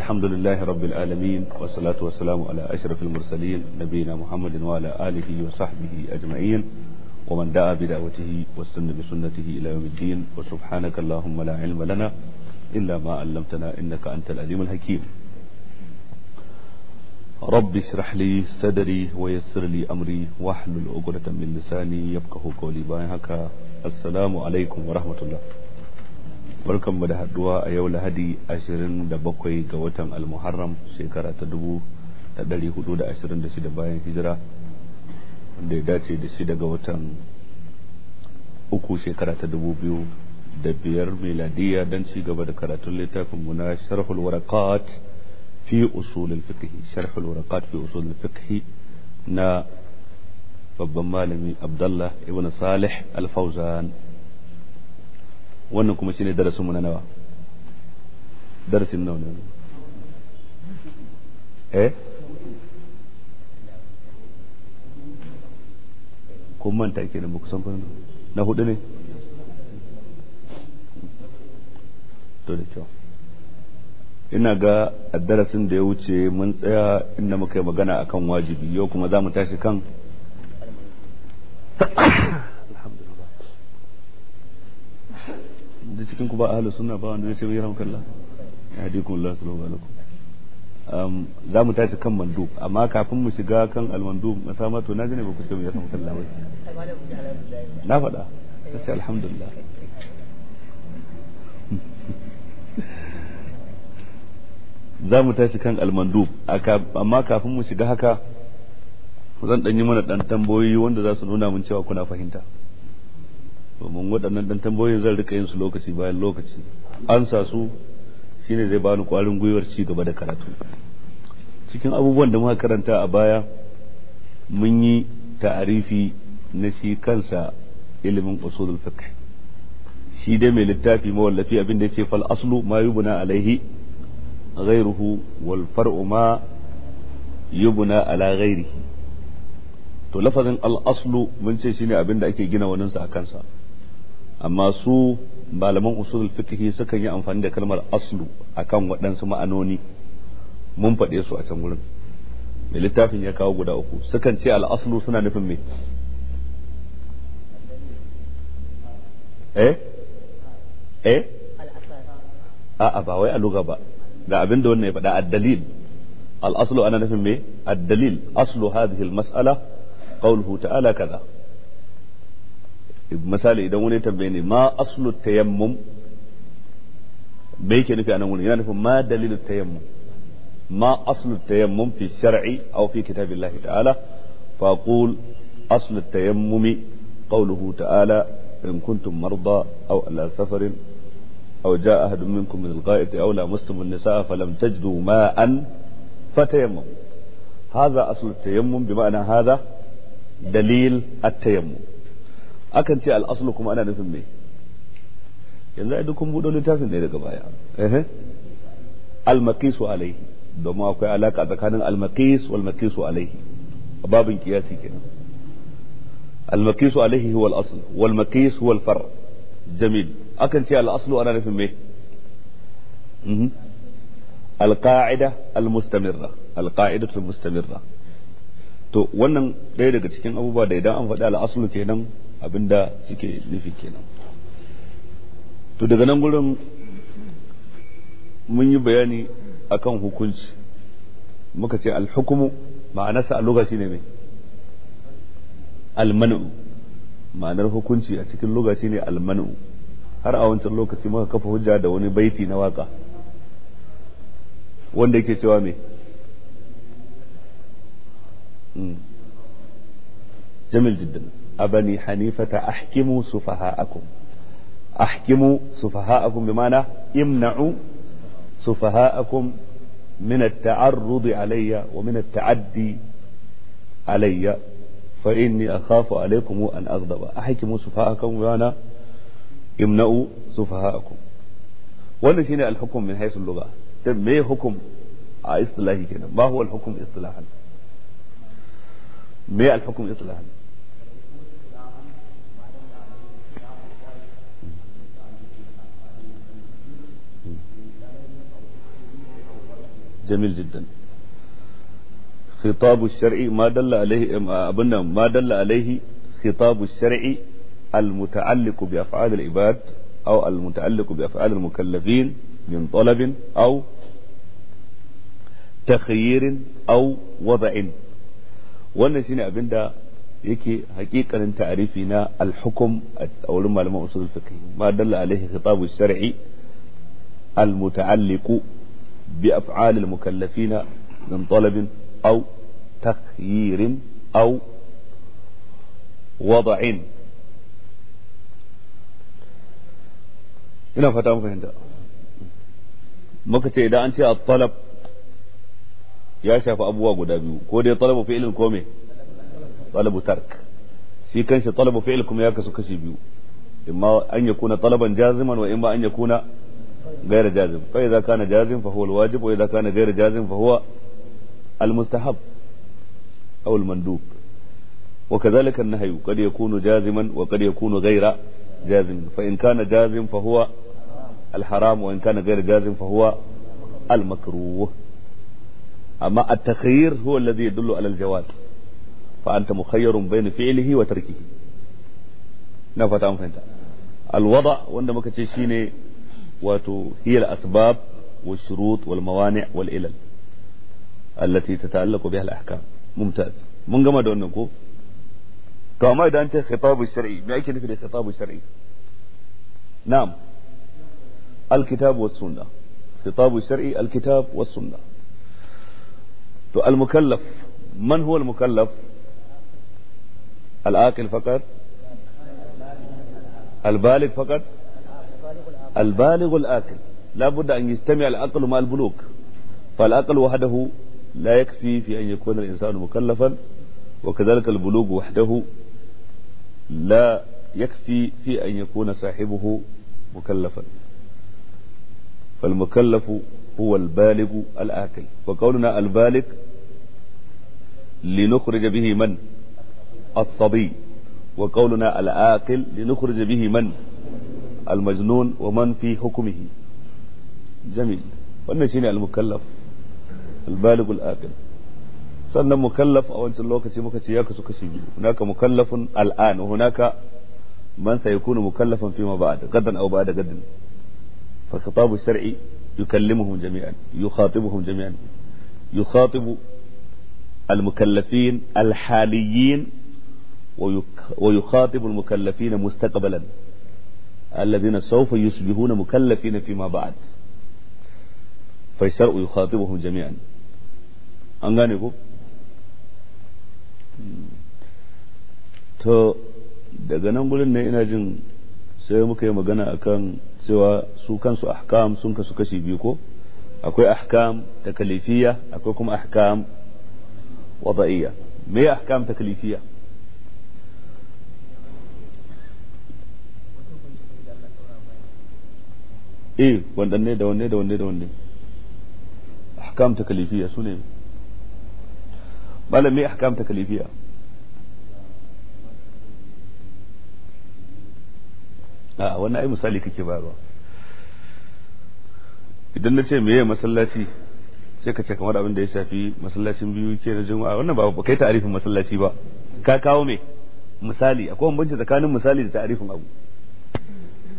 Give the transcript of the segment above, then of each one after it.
الحمد لله رب العالمين والصلاة والسلام على أشرف المرسلين نبينا محمد وعلى آله وصحبه أجمعين ومن دعا بدعوته واستنى بسنته إلى يوم الدين وسبحانك اللهم لا علم لنا إلا ما علمتنا إنك أنت العليم الحكيم رب اشرح لي صدري ويسر لي أمري واحلل عقدة من لساني يفقه قولي باي السلام عليكم ورحمة الله barkanmu da haduwa a yau lahadi 27 ga watan almuharram shekara ta 1426 bayan hijira wanda ya dace da shi daga watan uku shekara ta 2005 miladiya don ci gaba da karatun littafin na sharhul warakat fi usulul fiqh sharhul warakat fi usulul fiqh na babban malami abdullah ibn salih al wannan kuma shine darasin mu na nawa darasin nawa ne eh kun manta kenan ba kusan kwanan na hudu ne to da kyau ina ga a darasin da ya wuce mun tsaya inda muka yi magana akan wajibi yau kuma za mu tashi kan da cikin ku ba ahlus sunna ba wanda zai ce yarhamukallah yahdikum Allah ya Allah sallallahu alaihi wasallam za mu tashi kan mandub amma kafin mu shiga kan almandub masama to na gane ba ku ce Allah ba na faɗa sai alhamdulillah za mu tashi kan almandub amma kafin mu shiga haka zan ɗanyi mana ɗan tambayoyi wanda za su nuna mun cewa kuna fahimta domin waɗannan dan tambayoyin zan rika yin su lokaci bayan lokaci ansa su shine zai bani ƙwarin gwiwar ci gaba da karatu cikin abubuwan da muka karanta a baya mun yi ta'arifi na shi kansa ilimin usulul fiqh shi dai mai littafi mawallafi abin da yake fal aslu ma yubna alaihi ghayruhu wal far'u ma yubna ala ghayrihi to lafazin al aslu mun ce shine abin da ake gina waninsa a kansa amma su malaman usulul fiqh sukan yi amfani da kalmar aslu akan waɗansu ma'anoni mun faɗe su a can wurin mai littafin ya kawo guda uku sukan ce al'aslu suna nufin me eh eh a'a ba wai a luga ba ga abin da wannan ya faɗa ad-dalil al-aslu ana nufin me ad-dalil aslu hadhihi al-mas'ala qawluhu ta'ala kaza misali idan wani tambaye ne ma aslu tayammum me yake nufi a nan wani yana nufin ma dalilu tayammum ma aslu tayammum fi shar'i aw fi kitabillahi ta'ala fa qul aslu tayammumi qawluhu ta'ala in kuntum marda aw ala safarin aw jaa ahadun minkum min al أو aw lamastum an-nisaa fa lam tajidu ma'an fa tayammum hadha aslu tayammum bi ma'na hadha dalil at-tayammum akan ce al'aslu kuma ana nufin me yanzu a duk kun buɗe littafin ne daga baya almakisu alaihi domin akwai alaka tsakanin almakisu almakisu wal maqisu alaihi babin kiyasi kenan almakisu maqisu alaihi huwa al wal maqis huwa far jamil akan ce al ana nufin me mhm. al almustamirra al almustamirra mustamirra to wannan ɗaya daga cikin abubuwa da idan an faɗi al kenan abinda suke nufi kenan to daga nan gurin mun yi bayani akan hukunci muka ce alhukumu ma'anarsa a lokaci ne mai almanu ma'anar hukunci a cikin lokaci ne almanu har a wancan lokaci muka kafa hujja da wani baiti na waka wanda yake cewa mai hmm. jamil jiddan أبني حنيفة أحكموا سفهاءكم أحكموا سفهاءكم بمعنى امنعوا سفهاءكم من التعرض علي ومن التعدي علي فإني أخاف عليكم أن أغضب أحكموا سفهاءكم بمعنى امنعوا سفهاءكم wannan shine alhukum min haisul lugha to me hukum a istilahi kenan ma huwa alhukum istilahan جميل جدا خطاب الشرع ما دل عليه ابن ما دل عليه خطاب الشرع المتعلق بأفعال العباد أو المتعلق بأفعال المكلفين من طلب أو تخيير أو وضع wannan shine abin da yake hakikanin ta'arifi na al hukm a wurin malaman usul fiqh ma dalla alaihi khitabu shar'i al-muta'alliqu بأفعال المكلفين من طلب أو تخيير أو وضع هنا فتام فهند مكتي إذا أنت الطلب يا شاف أبوه قدابي كودي طلبوا فعل كومي طلبوا ترك سي كانش طلبوا فعلكم يا كسو كشي بيو إما أن يكون طلبا جازما وإما أن يكون غير جازم فإذا كان جازم فهو الواجب وإذا كان غير جازم فهو المستحب أو المندوب وكذلك النهي قد يكون جازما وقد يكون غير جازم فإن كان جازم فهو الحرام وإن كان غير جازم فهو المكروه أما التخيير هو الذي يدل على الجواز فأنت مخير بين فعله وتركه نفت أم فهمت الوضع وإنما كتشيني wato الاسباب والشروط والموانع والإلل التي تتعلق بها الأحكام ممتاز من قام دون نكو كما إذا أنت خطاب الشرعي ما يمكن في الخطاب الشرعي نعم الكتاب والسنة خطاب الشرعي الكتاب والسنة تو المكلف من هو المكلف العاقل فقط البالغ فقط البالغ الآكل لا بد أن يجتمع العقل مع البلوغ فالعقل وحده لا يكفي في أن يكون الإنسان مكلفا وكذلك البلوغ وحده لا يكفي في أن يكون صاحبه مكلفا فالمكلف هو البالغ الآكل وقولنا البالغ لنخرج به من الصبي وقولنا العاقل لنخرج به من المجنون ومن في حكمه جميل wannan shine al-mukallaf al-baligh al-aqil sannan mukallaf a wancan lokaci muka ce ya kasu kashi biyu hunaka mukallafun al'an hunaka man sayakunu mukallafan fima ba'd gadan aw ba'da gadin fa khitabu shar'i yukallimuhum jami'an yukhatibuhum jami'an yukhatibu المكلفين الحاليين ويخاطب المكلفين مستقبلا alladhina sawfa yusbihuna mukallafina fima ba'd fa shar'u yukhatibuhum jami'an an gane ku. to daga nan gurin ne ina jin sai muka yi magana akan cewa su kansu ahkam sun kasu kashi biyu ko akwai ahkam takalifiyya akwai kuma ahkam wada'iyya me ahkam takalifiyya eh ne da wanne da wanne da wanne ahkam takalifiya sune malami ahkam takalifiya a ah, wannan ai misali kake bayarwa idan na ce meye masallaci sai ka ce kamar abin da ya shafi masallacin biyu ke na juma'a wannan ba kai arifin masallaci ba ka kawo me misali akwai bambanci tsakanin misali da arifin abu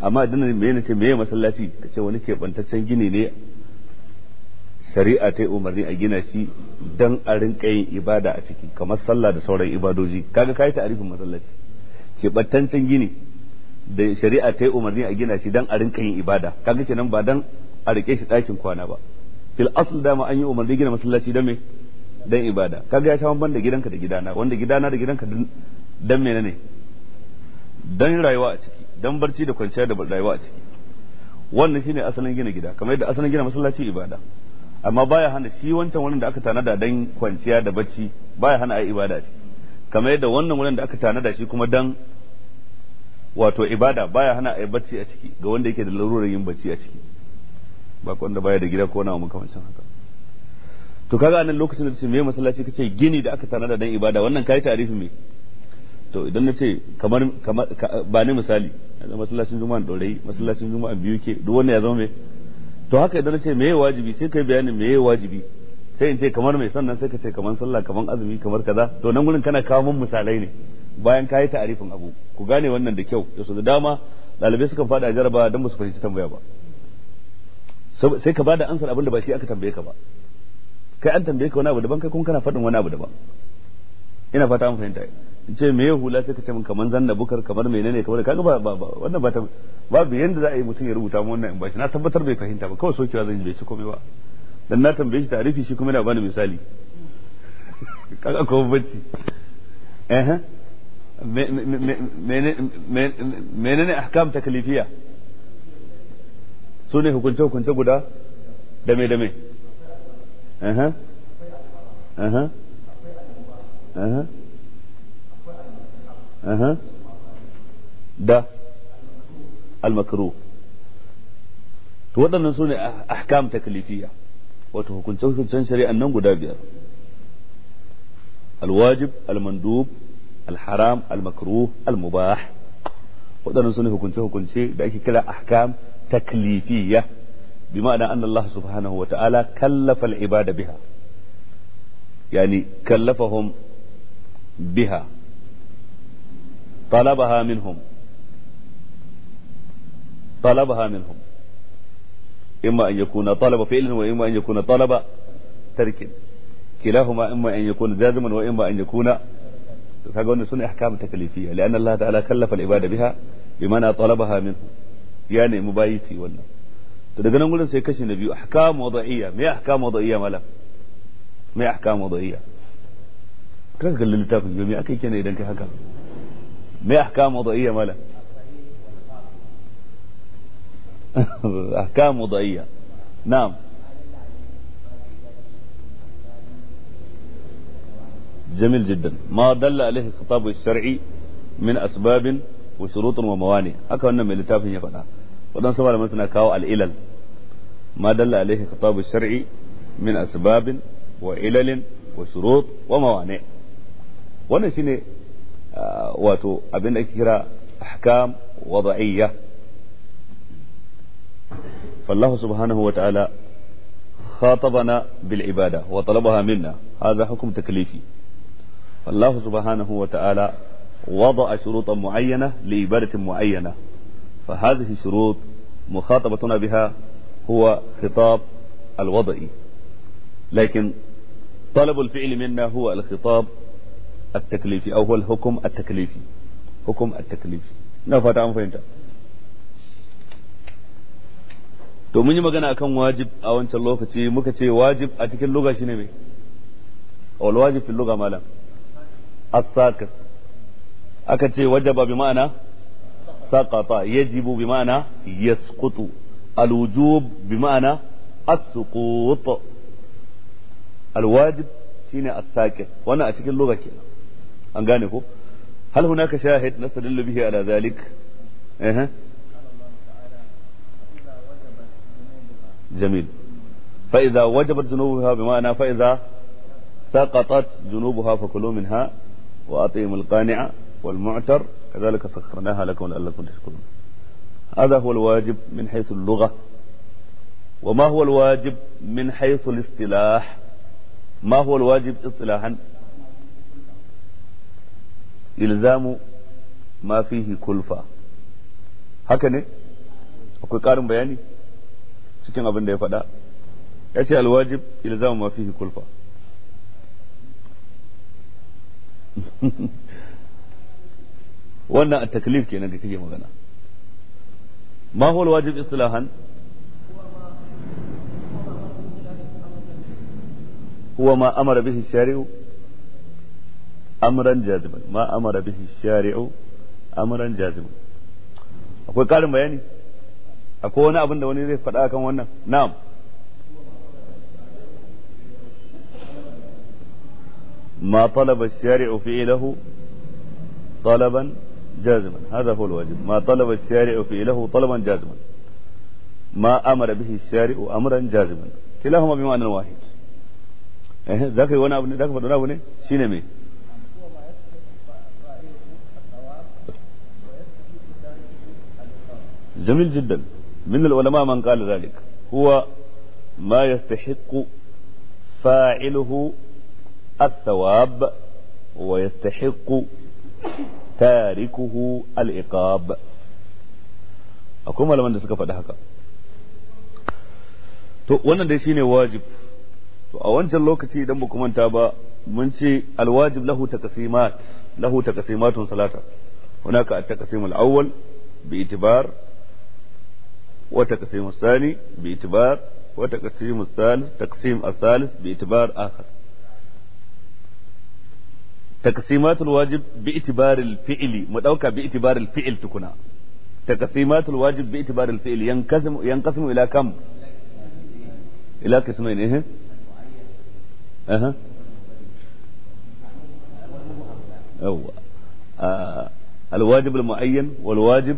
amma idan me ne ce meye masallaci ta ce wani keɓantaccen gini ne shari'a ta yi umarni a gina shi dan a rinka yin ibada a ciki kamar sallah da sauran ibadoji kaga kai ta'arifin masallaci keɓantaccen gini da shari'a ta yi umarni a gina shi dan a rinka yin ibada kaga kenan ba dan a rike shi ɗakin kwana ba fil asul dama an yi umarni gina masallaci dan me dan ibada kaga ya sha ban da gidanka da gidana wanda gidana da gidanka dan menene dan rayuwa a ciki dan barci da kwanciya da rayuwa a ciki wannan shine asalin gina gida kamar yadda asalin gina masallaci ibada amma baya hana shi wancan wurin da aka tanada dan kwanciya da bacci baya hana ayi ibada shi kamar yadda wannan wurin da aka tanada shi kuma dan wato ibada baya hana ayi bacci a ciki ga wanda yake da larurar yin bacci a ciki ba wanda baya da gida ko na makamancin haka to kaga anan lokacin da ce me masallaci kace gini da aka tanada dan ibada wannan kai tarihi me to idan na ce kamar ba ni misali masallacin juma'a dorai masallacin juma'a biyu ke duk wanda ya zama me to haka idan ce meye wajibi sai kai bayanin meye wajibi sai in ce kamar mai sannan sai ka ce kamar sallah kamar azumi kamar kaza to nan gurin kana kawo mun misalai ne bayan ka yi ta'arifin abu ku gane wannan da kyau da su da dama ɗalibai sukan a jaraba don ba su fahimci tambaya ba sai ka bada ansar abin da ba shi aka tambaye ka ba kai an tambaye ka wani abu daban kai kun kana faɗin wani abu daban ina fata mun fahimta ce me hula sai ka ce min kamar zanna bukar kamar menene kamar kaga ba ba wannan ba ta babu yanda za a yi mutum ya rubuta mu wannan in bashi na tabbatar bai fahimta ba kawai sokewa zan bai ci komai ba dan na tambaye shi tarifi shi kuma yana bani misali kaga ko bacci eh menene ahkam taklifiya su ne hukunce hukunce guda dame dame eh eh eh أه. ده المكروه وضعنا سوني أحكام تكليفية وتهكون تهكون تهكون شريعة النوم الواجب المندوب الحرام المكروه المباح وضعنا سوني هكون تهكون شيء بأيكي كلا أحكام تكليفية بمعنى أن الله سبحانه وتعالى كلف العبادة بها يعني كلفهم بها طلبها منهم طلبها منهم إما أن يكون طلب فعل وإما أن يكون طلب ترك كلاهما إما أن يكون جازما وإما أن يكون فقلنا سنة أحكام تكليفية لأن الله تعالى كلف العباد بها بمعنى طلبها منه يعني مبايسي ولا تدقنا نقول سيكشي نبي أحكام وضعية ما أحكام وضعية ملا ما أحكام وضعية كيف قال للتافه يومي أكي كان إذا كهكذا ما احكام وضعيه ماله احكام وضعيه نعم جميل جدا ما دل عليه الخطاب الشرعي من اسباب وشروط وموانع هكا وانا من اللي يا ودان سوال مثلا كاو العلل ما دل عليه الخطاب الشرعي من اسباب وعلل وشروط وموانع وانا سيني آه، واتو ابن da احكام وضعيه فالله سبحانه وتعالى خاطبنا بالعبادة وطلبها منا هذا حكم تكليفي فالله سبحانه وتعالى وضع شروطا معينة لعبادة معينة فهذه الشروط مخاطبتنا بها هو خطاب الوضعي لكن طلب الفعل منا هو الخطاب at-taklifi aw huwa al-hukm at-taklifi hukum at-taklifi ina fata an fahimta to mun yi magana akan wajib a wancan lokaci muka ce wajib a cikin lugha shine me wal wajib fil lugha malam as-saqit aka ce wajaba bi ma'ana saqata yajibu bi ma'ana yasqutu al-wujub bi ma'ana as-suqut al-wajib shine as-saqit wannan a cikin lugha kenan an gane ko hal hunaka shahid nastadillu bihi ala zalik eh جميل فإذا وجبت ذنوبها بمعنى فإذا سقطت ذنوبها فكلوا منها واعطيهم القانع والمعتر كذلك سخرناها لكم لعلكم تشكرون هذا هو الواجب من حيث اللغة وما هو الواجب من حيث الاصطلاح ما هو الواجب اصطلاحا ilzamu ma fihi kulfa haka ne akwai ƙarin bayani cikin abin da ya faɗa ya ce alwajib ilzamu ma fihi kulfa wannan a taklif kenan da kake magana ma huwa alwajib istilahan huwa ma amara bihi shari'u امرا جازما ما امر به الشارع امرا akwai karin bayani akwai wani abin da wani zai faɗa kan wannan na'am ma talaba shari'u fi'ilahu talaban jaziman hadha huwa alwajib ma talaba shari'u fi'ilahu talaban jaziman ma amara bihi amran jaziman جميل جدا من العلماء من قال ذلك هو ما يستحق فاعله الثواب ويستحق تاركه العقاب akwai malaman da suka faɗi haka to wannan dai shine wajib to a wancan lokaci idan ba manta ba mun ce alwajib lahu taqsimat lahu taqsimatun salata hunaka at-taqsim al-awwal bi itibar وتقسيم الثاني باعتبار وتقسيم الثالث تقسيم الثالث باعتبار آخر تقسيمات الواجب باعتبار الفعل مدوكا باعتبار الفعل تكون تقسيمات الواجب باعتبار الفعل ينقسم ينقسم إلى كم إلى قسمين إيه أها أو آه الواجب المعين والواجب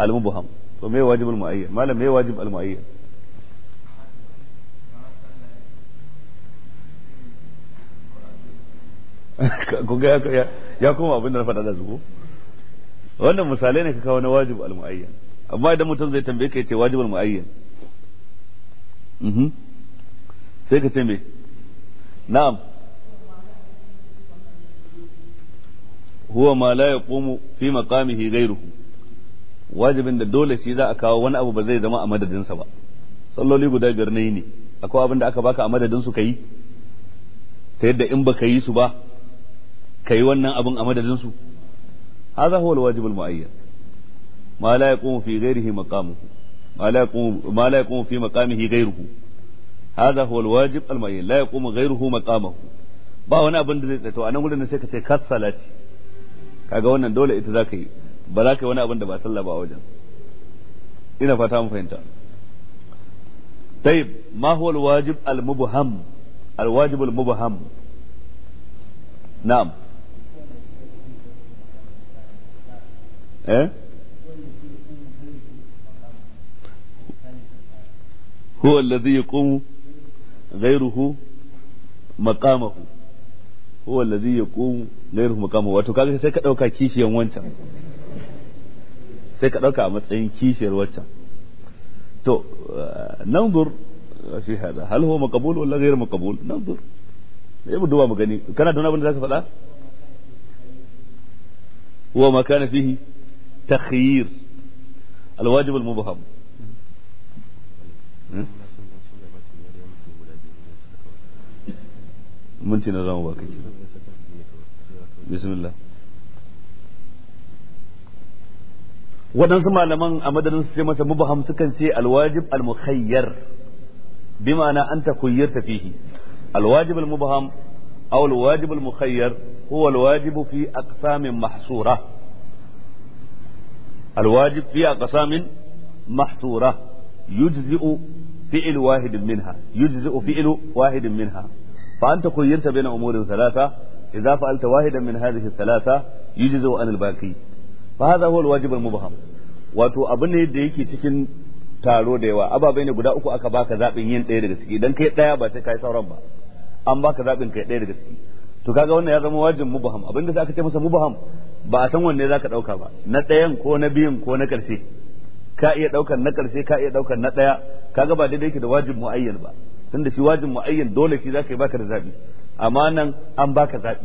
المبهم to me wajib al muayyan malam me wajib al muayyan kun ga ya koma abin da na faɗa da zuko wannan misalai ne ka kawo na wajib al muayyan amma idan mutum zai tambaye ka ce wajib al muayyan mhm. sai ka ce me na'am huwa ma la yaqumu fi maqamihi ghayruhu wajibin da dole shi za a kawo wani abu ba zai zama a madadinsa ba salloli guda biyar na yi ne akwai abin da aka baka a madadin su ka yi ta yadda in baka yi su ba ka yi wannan abin a madadin su hadha huwa alwajibul muayyan ma la yaqumu fi ghairihi maqamuhu ma la yaqumu ma la yaqumu fi maqamihi ghairuhu hadha huwa alwajib almuayyan la yaqumu ghairuhu maqamahu ba wani abin da zai tsaye to anan gurin sai ka ce kassalati kaga wannan dole ita zaka yi ba za ka yi wani abin da ba sallah ba a wajen ina fata mu fahimta tayib ma huwa alwajib almubham alwajib almubham na'am eh هو الذي يقوم غيره مقامه هو الذي يقوم غيره مقامه wato kaga sai ka dauka kishiyan wancan sai ka ɗauka a matsayin kishiyar waccan to nanzur eh, fi hada hal huwa maqbul wala ghayr maqbul nanzur sai mu duba mu gani kana da abin da zaka faɗa huwa ma kana fihi takhyir alwajib almubham hmm? minti na zama ba kake bismillah waɗansu malaman a madadin su ce masa mubaham sukan ce alwajib almukhayyar bi ma'ana an takhayyarta fihi alwajib almubham aw alwajib almukhayyar huwa alwajib fi aqsamin mahsura alwajib fi aqsamin mahsura yujzi'u fi'l wahid minha yujzi'u fi'l wahid minha fa anta khayyarta bayna umurin thalatha idza fa'alta wahidan min hadhihi thalatha yujzi'u an albaqi fa hadha huwa alwajib almubham wato abu ne da yake cikin taro da yawa ababai ne guda uku aka baka zabin yin ɗaya daga ciki idan kai ɗaya ba sai kai sauran ba an baka zabin kai ɗaya daga ciki to kaga wannan ya zama wajibin mubham abin da aka ce masa mubham ba a san wanne zaka dauka ba na ɗayan ko na biyun ko na ƙarshe ka iya daukar na ƙarshe ka iya daukar na ɗaya kaga ba daidai yake da wajibin muayyan ba tunda shi wajibin muayyan dole shi zaka yi baka da zabi amma nan an baka zabi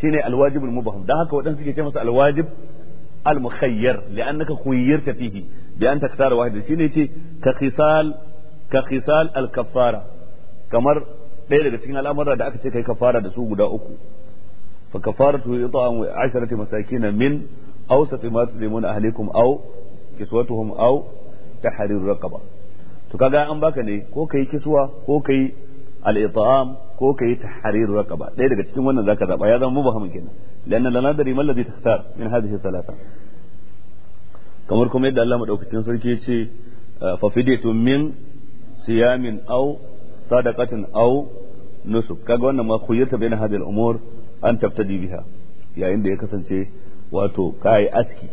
shine alwajibul mubham dan haka wadansu suke ce masa alwajib المخير لأنك خيرت فيه بأن تختار واحد شيء كخصال كخصال الكفارة كمر ɗaya daga cikin al'amura da aka ce kai kafara da su guda uku fa kafaratu it'am asharati masakin min awsat ma tulimuna ahlikum aw kiswatuhum aw tahrir raqaba to kaga an baka ne ko kai kiswa ko kai al-it'am ko kai tahrir raqaba ɗaya daga cikin wannan zaka zaba ya zama mubaham kenan lanna la nadri man ladhi tahtar min hadhihi thalatha kamar kuma yadda Allah madaukakin sarki ya ce fa fidyatun min siyamin aw sadaqatin aw nusuk kaga wannan ma khuyyata ta hadhihi al-umur an tabtadi biha yayin da ya kasance wato kai aski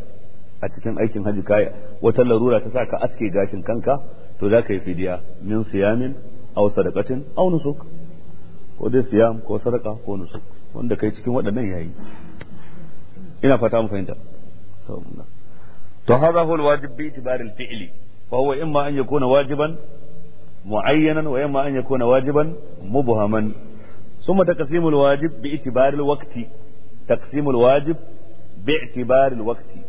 a cikin aikin haji kai wata larura ta ka aske gashin kanka to za ka yi fidiya min siyamin aw sadaqatin aw nusuk ko dai siyam ko sadaqa ko nusuk wanda kai cikin waɗannan yayi ina fata mu fahimta to hadha huwa alwajib bi itibar alfi'li fa huwa imma an yakuna wajiban mu'ayyanan wa imma an yakuna wajiban mubhaman bi تقسيم alwaqti taqsimu alwajib bi الواجب alwaqti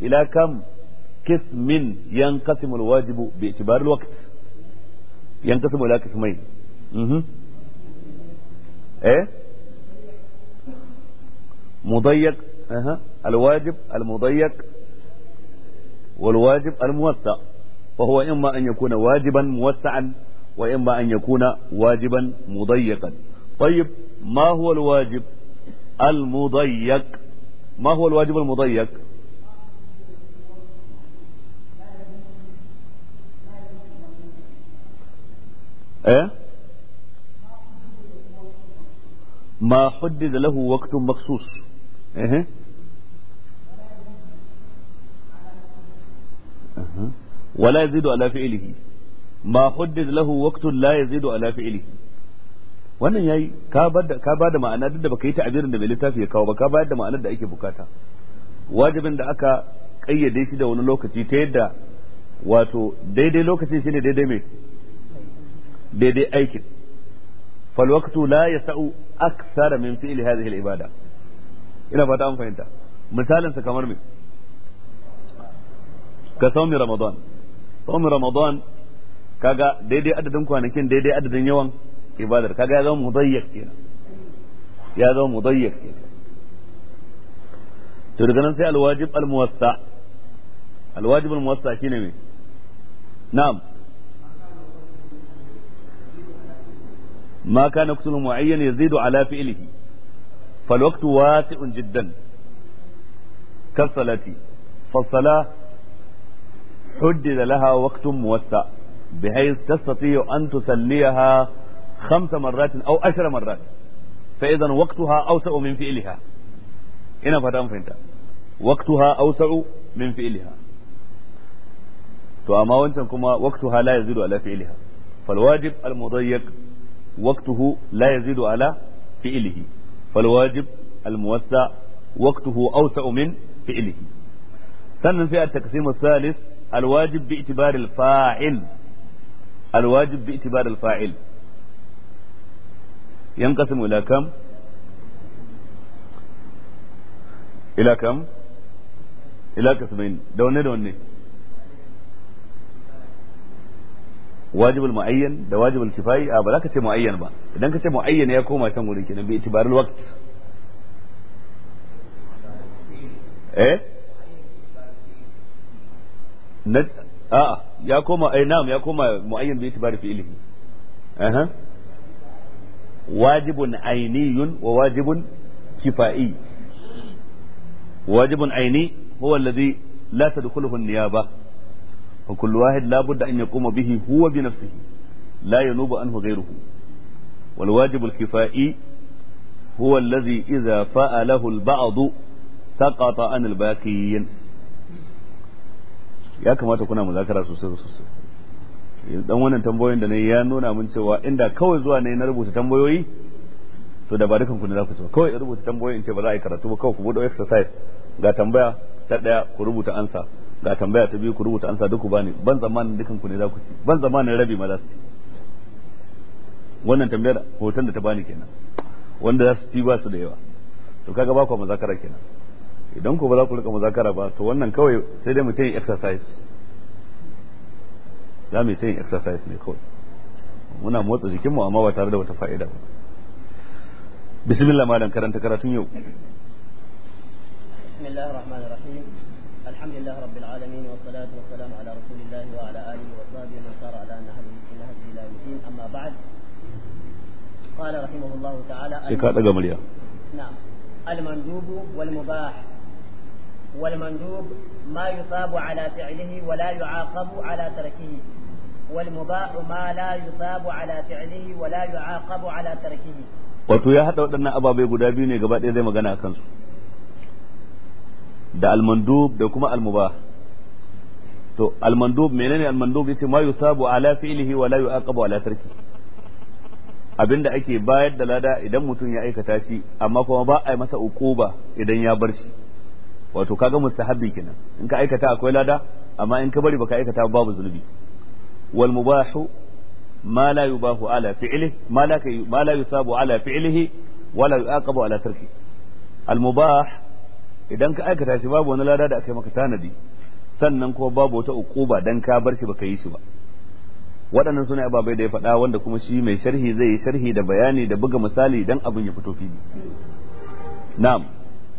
ila kam كم yanqasimu alwajibu bi باعتبار alwaqti ينقسم إلى قسمين إيه مضيق أه. الواجب المضيق والواجب الموسع فهو إما أن يكون واجبا موسعا وإما أن يكون واجبا مضيقا طيب ما هو الواجب المضيق ما هو الواجب المضيق eh ma huddida lahu waqtun maksus eh ولا uh-huh. yazidu ala fi'lihi ma حدد lahu waqtun la yazidu ala fi'lihi wannan yayi ka ba da ma'ana duk da baka yi ta'abirin da mai littafi ya kawo ba ka bayar da ma'anar da ake bukata wajibin da aka kayyade shi da wani lokaci ta yadda wato daidai lokacin shine daidai mai daidai aikin fal waqtu la sa'u akthara min fi'li hadhihi al ibada ina fata an fahimta misalin sa kamar me ka saumi ramadan saumi ramadan kaga daidai adadin kwanakin daidai adadin yawan ibadar kaga ya zama mudayyak kenan ya zama mudayyak kenan to daga nan sai alwajib almuwassa alwajib almuwassa shine me na'am ما كان وقت معين يزيد على فعله فالوقت واسع جدا كالصلاة فالصلاة حدد لها وقت موسع بحيث تستطيع أن تسليها خمس مرات أو عشر مرات فإذا وقتها أوسع من فعلها هنا فتام فهمت وقتها أوسع من فعلها تو أما كما وقتها لا يزيد على فعلها فالواجب المضيق وقته لا يزيد على فعله فالواجب الموسع وقته أوسع من فعله سنن في التقسيم الثالث الواجب باعتبار الفاعل الواجب باعتبار الفاعل ينقسم إلى كم إلى كم إلى قسمين دون دون wajibul muayyan da wajibul kifayi a ba za ka ce muayyan ba idan ka ce muayyan ya koma can wurin kenan bi itibarul waqt eh na a ya koma ai eh, na'am ya koma muayyan bi itibari fi'lihi aha wajibun ainiyun wa wajibun kifayi wajibun aini huwa alladhi la tadkhuluhu an-niyaba fa kullu wahid la budda an yaquma bihi huwa bi nafsihi la yanubu anhu ghayruhu wal wajib al kifai huwa alladhi idha fa'alahu al ba'd saqata an al baqiyin ya kamata muzakara sosai sosai dan wannan tambayoyin da ne ya nuna mun cewa inda kawai zuwa ne na rubuta tambayoyi to da ba dukan ku ne za ku ci kawai rubuta tambayoyin ce ba za a yi karatu ba kawai ku bude exercise ga tambaya ta daya ku rubuta ansa ga tambaya ta biyu ku rubuta ansa duk ku bani ban zamanin dukan ku ne za ku ci ban zamanin rabi ma za su ci wannan tambayar hoton da ta bani kenan wanda za su ci ba su da yawa to kaga ba ku muzakara kenan idan ku ba za ku rika muzakara ba to wannan kawai sai dai mu yin exercise za mu ta yin exercise ne kawai muna motsa jikinmu amma ba tare da wata fa'ida ba bismillah malam karanta karatun yau بسم الله الرحمن الرحيم الحمد لله رب العالمين والصلاة والسلام على رسول الله وعلى آله وصحبه ومن سار على نهجه إلى يوم الدين أما بعد قال رحمه الله تعالى نعم المندوب والمباح والمندوب ما يصاب على فعله ولا يعاقب على تركه والمباح ما لا يصاب على فعله ولا يعاقب على تركه wato ya haɗa waɗannan ababai guda biyu ne gaba ɗaya zai magana a kansu da almandub da kuma almuba to almandub menene almandub yace ma yusabu ala fi'lihi wa la yu'aqabu ala tarki abinda ake bayar da lada idan mutum ya aikata shi amma kuma ba a yi masa ukuba idan ya bar shi wato kaga mustahabbi kenan in ka aikata akwai lada amma in ka bari baka aikata babu zulubi wal mubahu ma la yubahu ala fi'lihi ma la ma la yusabu ala fi'lihi wa la yu'aqabu ala tarki al mubah idan ka aikata shi babu wani lada da aka yi maka tanadi sannan kuma babu wata ukuba dan ka bar shi baka yi shi ba waɗannan suna ababai da ya faɗa wanda kuma shi mai sharhi zai yi sharhi da bayani da buga misali dan abin ya fito fili na'am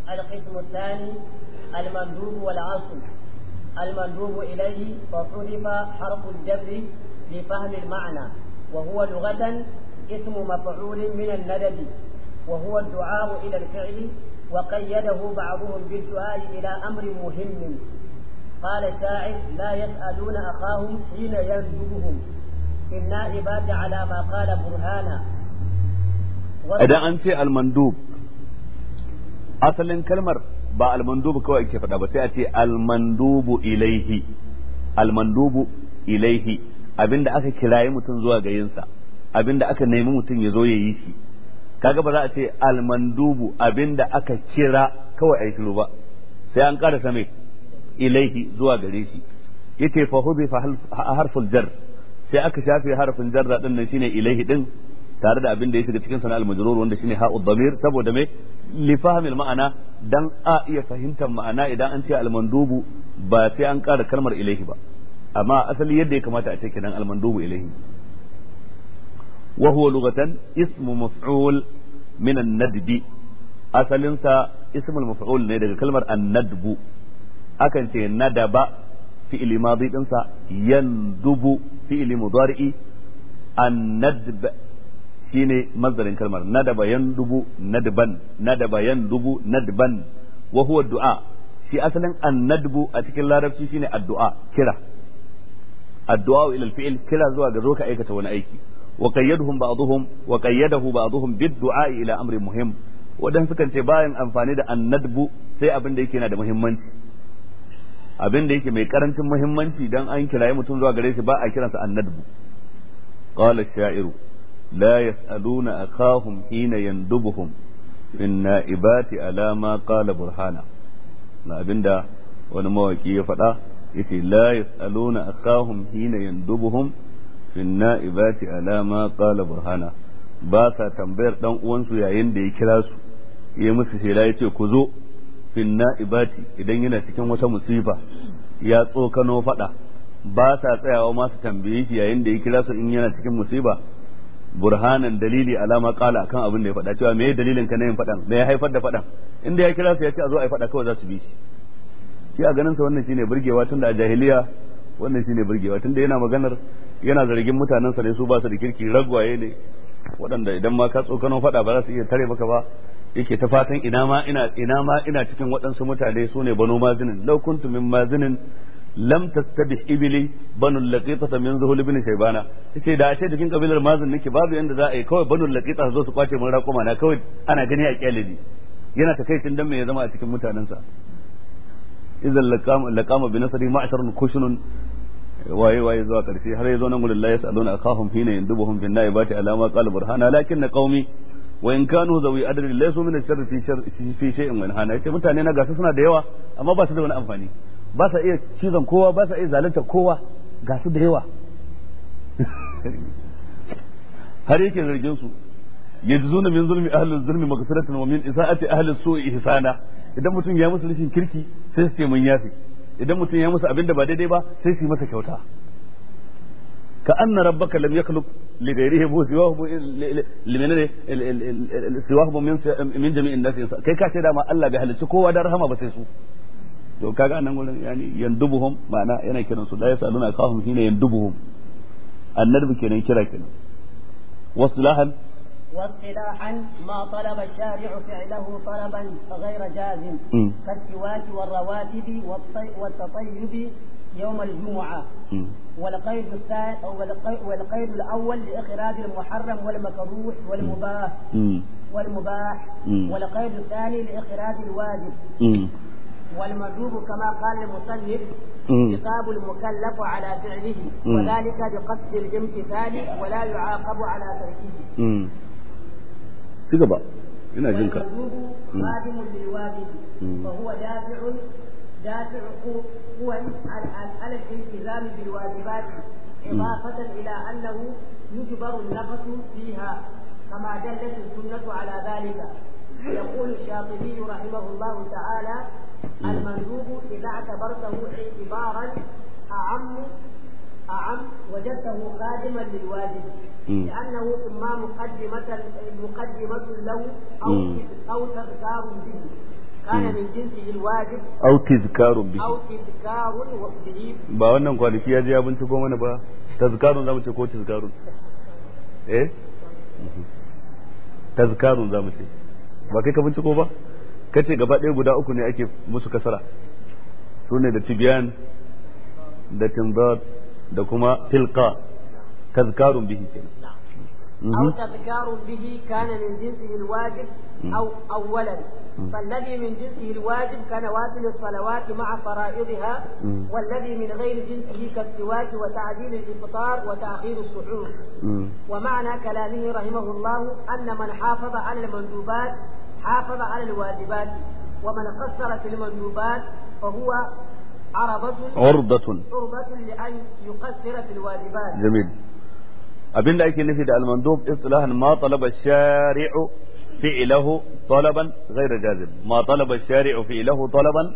القسم الثاني المندوب والعصر المندوب إليه فصرف حرف الجر لفهم المعنى وهو لغة اسم مفعول من الندب وهو الدعاء إلى الفعل وقيده بعضهم بالسؤال إلى أمر مهم قال الشاعر لا يسألون أخاهم حين يندبهم في النائبات على ما قال برهانا إذا أنت المندوب أصل كلمة ba almandubu kawai ake faɗa ba sai a ce almandubu ilaihi almandubu ilaihi abinda aka kirayi mutum zuwa gayinsa abinda aka nemi mutum ya zo ya yi shi kaga ba za a ce almandubu abinda aka kira kawai ayi ba sai an ƙara same ilaihi zuwa gare shi yace fa hudifa harful jar sai aka shafe harfin jar din nan shine ilaihi din tare da abinda ya shiga cikin sana'al majrur wanda shine ha'ud damir saboda me li fahmil ma'ana dan a iya fahimtar ma'ana idan an ce almandubu ba sai an ƙara kalmar ilaihi ba amma asali yadda ya kamata a ce kenan almandubu ilaihi وهو لغة اسم مفعول من الندب أصلنسا اسم المفعول ne كلمة الندب akan ce nadaba fi'ili madi dinsa yandubu fi'ili mudari'i annadb shine mazdarin kalmar nadaba yandubu nadban nadaba yandubu nadban wa du'a shi asalin annadbu a cikin larabci shine addu'a kira addu'a ila al-fi'l kira zuwa ga zo ka aikata wani aiki wa qayyadahum ba'dhum wa qayyadahu ba'dhum bid-du'a muhim wadan sukan ce bayan amfani da annadbu sai abin da yake yana da muhimmanci abin da yake mai karancin muhimmanci dan an kiraye mutum zuwa gare shi ba a kiransa annadbu qala shairu la yas'aluna akahum hina yandubuhum min na'ibati ala ma qala burhana na abinda wani mawaki ya faɗa yace la yas'aluna akahum hina yandubuhum fin na'ibati alama qala burhana ba sa tambayar dan uwansu yayin da ya kira su ya musu sai ya ce ku zo fin na'ibati idan yana cikin wata musifa ya tsokano fada ba sa tsayawa masu tambaye shi yayin da ya kira su in yana cikin musiba burhanan dalili alama kala akan abin da ya faɗa cewa me dalilin ka na yin faɗan me ya haifar da faɗan inda ya kira su ya ce a zo a yi faɗa kawai za su bi shi shi a ganin sa wannan shine burgewa tunda a jahiliya wannan shine burgewa tunda yana maganar yana zargin mutanensa ne su ba su da kirki ragwaye ne waɗanda idan ma ka tsokano faɗa ba za su iya tare maka ba yake ta fatan ina ma ina ina ma ina cikin waɗansu mutane su ne banu mazinin law kuntu min mazinin lam tattabih ibili banu laqita min zuhul ibn shaybana yace da ashe cikin kabilar mazin nake babu yanda za a yi kawai banu laqita zo su kwace mun raƙuma na kawai ana gani a kyalidi yana takaicin dan me ya zama a cikin mutanensa idan laqama laqama bi nasri ma'sharun Kushnun. waye waye zuwa karshe har yazo nan gurin la yasaluna akahum fina yandubuhum bin naibati alama qal burhana lakinna qaumi wa in kanu zawi adadin laysu min ash-sharri fi sharri fi shay'in min hana yace mutane na gasu suna da yawa amma ba su da wani amfani ba sa iya cizon kowa ba sa iya zalunta kowa gasu da yawa har yake zargin su yajzuna min zulmi ahli zulmi maghfiratan wa min isaati ahli su'i ihsana idan mutum ya musu rashin kirki sai su ce mun yafi idan mutum ya musu abin da ba daidai ba sai su yi masa kyauta ka anna rabbaka lam yakhluq li ghayrihi bu siwahu limin siwahu min min jami'in nas kai ka ce dama Allah bai halicci kowa da rahama ba sai su to kaga anan gurin yani yandubuhum ma'ana yana kiran su la yasaluna kahum hina yandubuhum annabi kenan kira kenan wasilahan واصطلاحا ما طلب الشارع فعله طلبا غير جازم كالسواك والرواتب والتطيب يوم الجمعة والقيد الثاني والقيد الأول لإخراج المحرم والمكروه والمباح والمباح والقيد الثاني لإخراج الواجب والمندوب كما قال المصنف عقاب المكلف على فعله وذلك بقصد الامتثال ولا يعاقب على تركه ci gaba ina jin للواجب وهو دافع دافع هو على الالتزام بالواجبات إضافة إلى أنه يجبر النفس فيها كما دلت السنة على ذلك يقول الشاطبي رحمه الله تعالى المندوب إذا اعتبرته اعتبارا أعم أعم وجدته قادما للواجب لأنه إما مقدمة مقدمة له أو تذكار به كان من جنسه الواجب أو تذكار به أو تذكار به بأن نقول في هذه je تقوم أنا mana تذكار لا zamu ce ko eh? Mhm. tazkarun eh tazkarun zamu ba kai ka binciko ba ka ce gaba ɗaya guda uku ne ake musu kasara su ne da tibiyan da tinzar da kuma tilqa tazkarun bihi kenan أو تذكار به كان من جنسه الواجب أو أولا فالذي من جنسه الواجب كنوافل الصلوات مع فرائضها والذي من غير جنسه كالسواك وتعديل الإفطار وتأخير السحور ومعنى كلامه رحمه الله أن من حافظ على المندوبات حافظ على الواجبات ومن قصر في المندوبات فهو عربة عربة لأن يقصر في الواجبات جميل أبين لأيك نفي دا المندوب اصطلاحا ما طلب الشارع فعله طلبا غير جازم ما طلب الشارع فعله طلبا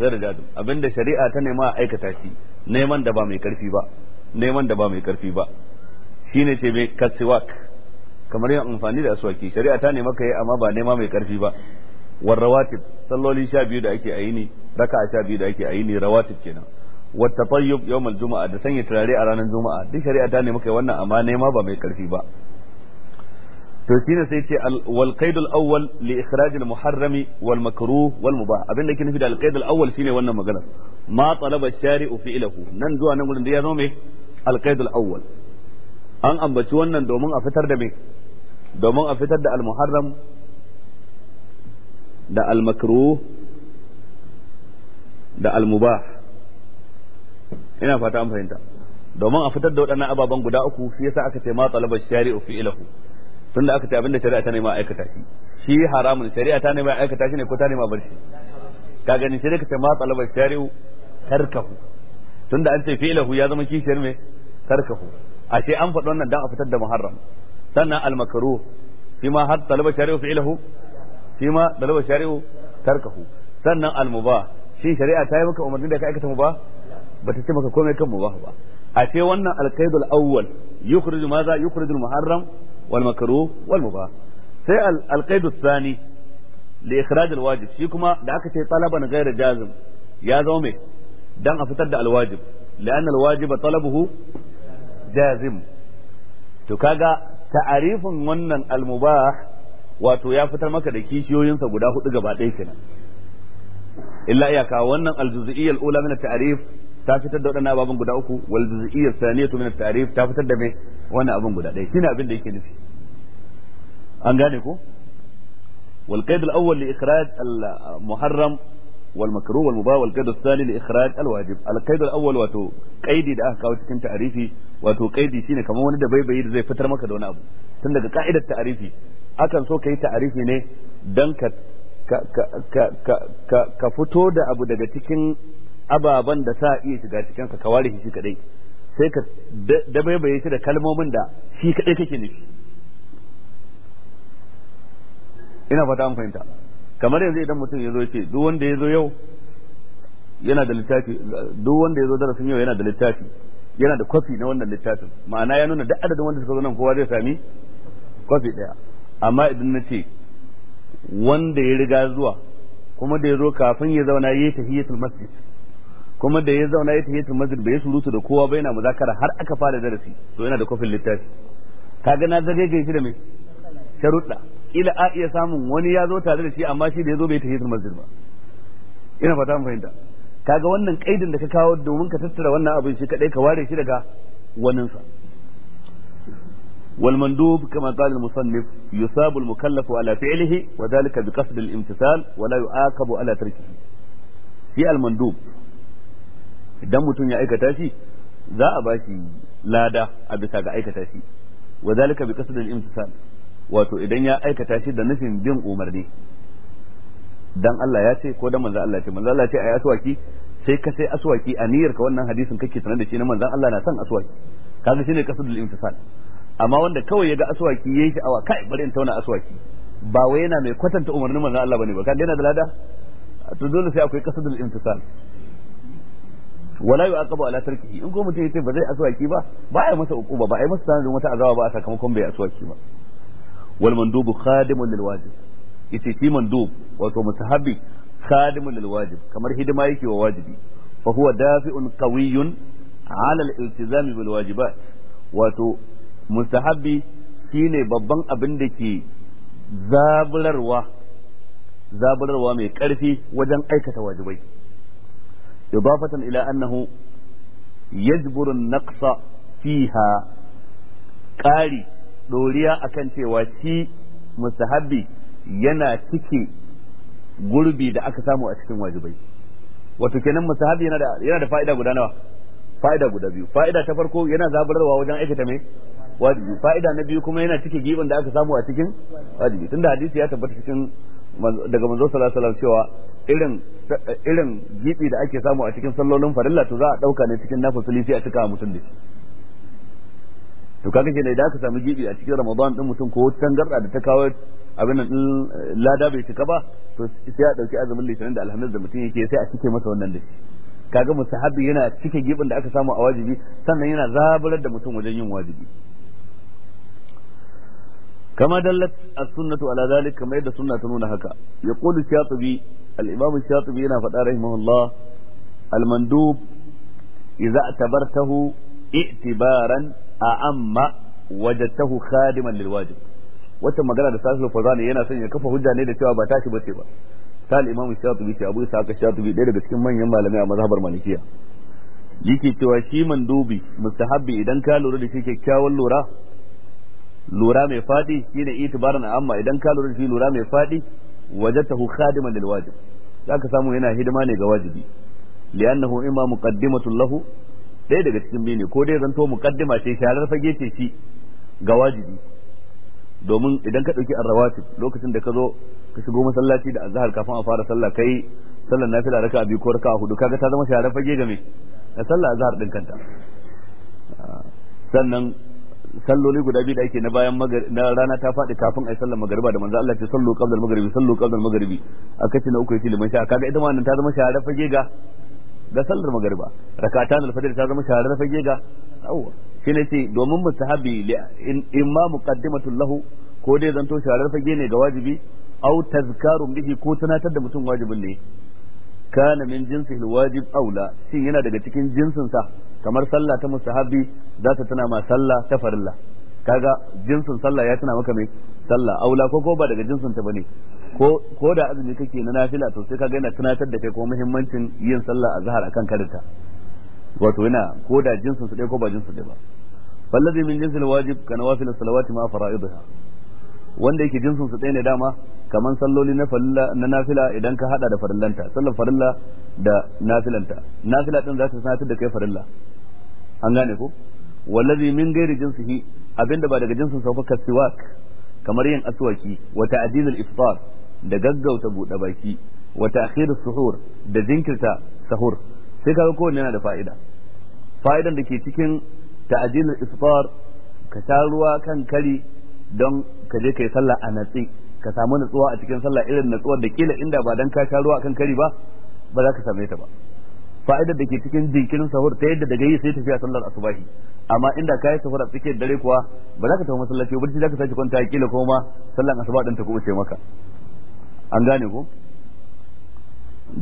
غairu jazim abinda shari'a ta nema a aikata shi neman da ba mai karfi ba neman da ba mai karfi ba shine ce mai katsiwak kamar yin amfani da aswaki shari'a ta nema ka yi amma ba nema mai karfi ba war rawatib salloli sha biyu da ake ayini raka'a sha biyu da ake ayini rawatib kenan wa tatayyub yawmal juma'a da sanya turare a ranar juma'a duk shari'a ta ne muka wannan amma nema ba mai karfi ba to shine sai ce wal qaidul awwal li ikhraj muharrami wal makruh wal mubah abin da yake nufi da al qaidul awwal shine wannan magana ma talaba shari'u fi'lahu nan zuwa ya zo mai awal. an ambaci wannan domin a fitar da me da almakruh da almubah ina fata an fahimta domin a fitar da waɗannan ababen guda uku shi yasa aka ce ma talabar shari'u fi ilahu tunda aka ce abinda shari'a ta nema aikata shi shi haramun shari'a ta nema aikata shi ne ko ta nema bar shi ka gani sai ka ce ma talabar shari'u tarkahu tunda an ce fi ilahu ya zama kishiyar me tarkahu ashe an faɗi wannan dan a fitar da muharram sannan al-makruh shi ma har talabar shari'u fi ilahu shi ma dalaba shari'u tarkahu sannan almubah shi shari'a ta yi maka umarni da ka aikata mubah ba ta ce maka komai kan mubah ba a ce wannan alqaidul awwal yukhrij maza yukhrij muharram wal makruh wal mubah sai alqaidul thani li ikhraj al shi kuma da aka ce talaban ghairu jazim ya zama mai dan a fitar da al wajib لأن الواجب طلبه جازم to kaga ta'arifin wannan almubah wato ya fitar maka da kishiyoyinsa guda hudu gaba ɗaya kenan illa iyaka wannan aljuz'iyyal ula min at-ta'rif ta fitar da wadannan ababen guda uku wal juz'iyyat thaniyatu min at-ta'rif ta fitar da me wannan abin guda ɗaya shine abin da yake nufi an gane ko wal qaid al-awwal li ikhraj al-muharram wal makruh wal mubah wal qaid al-thani li ikhraj al-wajib al-qaid al-awwal wato qaidi da aka kawo cikin ta'rifi wato qaidi shine kamar wani da baibayi da zai fitar maka da wani abu tun daga ka'idar ta'rifi akan so ka yi ta'arifi ne don ka ka fito da abu daga cikin ababen da sa iya shiga cikin ka ware shi kadai sai ka dabaibaye shi da kalmomin da shi kadai kake nufi ina fata an fahimta kamar yanzu idan mutum ya zo ce duk wanda ya zo yau yana da littafi duk wanda ya zo darasin yau yana da littafi yana da kwafi na wannan littafin ma'ana ya nuna duk adadin wanda suka zo nan kowa zai sami kwafi daya amma idan na ce wanda ya riga zuwa kuma da ya zo kafin ya zauna ya yi ya masjid kuma da ya zauna ya tahiyatul masjid bai surutu da kowa bai na muzakara har aka fara darasi to yana da kofin littafi kaga na zage shi da mai sharuɗa ila a iya samun wani ya zo tare da shi amma shi da ya zo bai ya masjid ba ina fata mu fahimta kaga wannan kaidin da ka kawo domin ka tattara wannan abin shi kadai ka ware shi daga waninsa والمندوب كما قال المصنف يثاب المكلف على فعله وذلك بقصد الامتثال ولا يعاقب على تركه في المندوب idan mutum ya aikata shi za a ba shi lada a bisa ga aikata shi wa zalika bi qasdil imtisal wato idan ya aikata shi da nufin bin umarni dan Allah ya ce ko dan manzo Allah ya ce manzo Allah ya ce ayi aswaki sai ka sai aswaki a niyyar ka wannan hadisin kake sanar da shi na manzo Allah na san aswaki kaga shine qasdil imtisal amma wanda kawai ya ga aswaki ya yi sha'awa kai bari in tauna aswaki ba wai yana mai kwatanta umarnin manzon Allah bane ba kan yana da lada to dole sai akwai kasadul imtisal wala yu'aqabu ala tarkihi in ko mutum yace ba zai aswaki ba ba ai masa uquba ba ai masa sanin wata azaba ba sakamakon bai aswaki ba wal mandubu khadimun lil wajib yace shi mandub wato mutahabbi khadimun lil wajib kamar hidima yake wa wajibi fa huwa dafi'un qawiyyun ala al iltizam bil wajibat wato mustahabi shine babban abin da ke zaburarwa zaburarwa mai ƙarfi wajen aikata wajibai idafatan ila annahu yajburu naqsa fiha ƙari ɗoriya akan cewa shi mustahabi yana cike gurbi da aka samu a cikin wajibai wato kenan mustahabi yana da yana da fa'ida guda nawa fa'ida guda biyu fa'ida ta farko yana zaburarwa wajen aikata mai wajibi fa'ida na biyu kuma yana cike giban da aka samu a cikin wajibi tunda hadisi ya tabbata cikin daga manzo sallallahu alaihi wasallam cewa irin irin gibi da ake samu a cikin sallolin farilla to za a dauka ne cikin nafasuli sai a cika mutum da shi to kaga kenan idan aka samu gibi a cikin ramadan din mutum ko tangarda da ta kawo abin nan eh, lada bai cika ba to sai a dauki azumin litinin da alhamis da mutum yake sai a cike masa wannan da shi kaga musahabi yana cike gibin da aka samu a wajibi sannan yana zaburar da mutum wajen yin wajibi كما دلت السنة على ذلك كما يد السنة تنون هكا يقول الشاطبي الإمام الشاطبي هنا فتاه رحمه الله المندوب إذا اعتبرته اعتبارا أعم وجدته خادما للواجب wata magana da sashen fazani yana son ya kafa hujja ne da cewa ba tashi bace ba ta imamu shatubi ce abu isa shatubi ɗaya daga cikin manyan malamai a mazhabar malikiya yake cewa shi mandubi mustahabbi idan ka lura da shi kyakkyawan lura lura mai fadi shine itibaran amma idan ka lura shi lura mai fadi wajatahu khadiman lil wajib zaka samu yana hidima ne ga wajibi li'annahu imma muqaddimatul lahu ɗaya daga cikin biyu ne ko dai zanto muqaddima ce sharar fage ce shi ga wajibi domin idan ka dauki arrawatib lokacin da ka zo ka shigo masallaci da azhar kafin a fara sallah kai sallar nafila raka bi ko raka hudu kaga ta zama sharar fage ga me da sallar azhar din kanta sannan salloli guda biyu da ake na bayan na rana ta faɗi kafin a yi sallar magariba da manzo Allah ce sallu qabla al sallu qabla al a kace na uku yace liman sha kaga ita wannan nan ta zama shahara fage ga ga sallar magariba rakatan al-fajr ta zama shahara fage ga awwa shi ne ce domin mustahabi imma muqaddimatu lahu ko dai zanto shahara fage ne ga wajibi au tazkarum bihi ko tunatar da mutum wajibin ne kana min jinsi alwajib aula shin yana daga cikin jinsin sa kamar sallah ta mustahabi za ta tana ma sallah ta farilla kaga jinsin sallah ya tana maka mai sallah aula ko ko ba daga jinsin ta bane ko ko da azumi kake na nafila to sai kaga yana tunatar da kai ko muhimmancin yin sallah azhar akan karinta wato yana ko da jinsin su dai ko ba jinsin su dai ba fallazi min jinsi wajib kana wafil salawati ma fara'idha wanda yake jinsin su ɗaya ne dama kaman salloli na farilla na nafila idan ka hada da farillanta sallar farilla da nafilanta nafila din za ta sanatar da kai farilla an gane ko wallazi min gairi jinsihi abinda ba daga jinsin sa ka siwak kamar yin aswaki wa ta'dilul iftar da gaggauta bude baki wa ta'khirus suhur da jinkirta sahur sai kaga kowanne yana da fa'ida fa'idan da ke cikin ta'dilul iftar ka taruwa ruwa kan kari don ka je ka yi sallah a natsi ka samu natsuwa a cikin sallah irin natsuwar da kila inda ba dan ka sha ruwa kari ba ba za ka same ta ba fa'idar da ke cikin jinkirin sahur ta yadda daga yi sai tafiya sallar asubahi amma inda ka yi sahur a dare kuwa ba za ka tafi masallaci ba za ka sake kwanta kila ko ma sallan asuba din ta kubuce maka an gane ko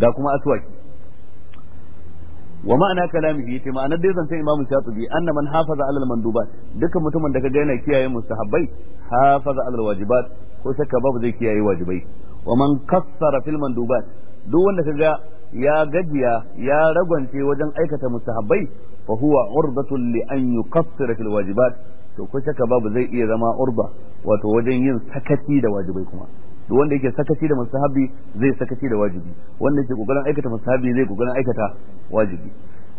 da kuma asuwaki wa ma'ana kalamihi yace ma'ana dai zantan imamu shatibi anna man hafaza alal mandubat duka mutumin da kaga yana kiyaye mustahabbai hafaza alal wajibat ko shakka babu zai kiyaye wajibai wa man kassara fil mandubat duk wanda kaga ya gajiya ya ragwance wajen aikata mustahabbai fa huwa urdatun li an yuqassira fil wajibat to ko shakka babu zai iya zama urba wato wajen yin sakaci da wajibai kuma da wanda yake sakaci da mustahabi zai sakaci da wajibi wanda yake kokarin aikata mustahabi zai kokarin aikata wajibi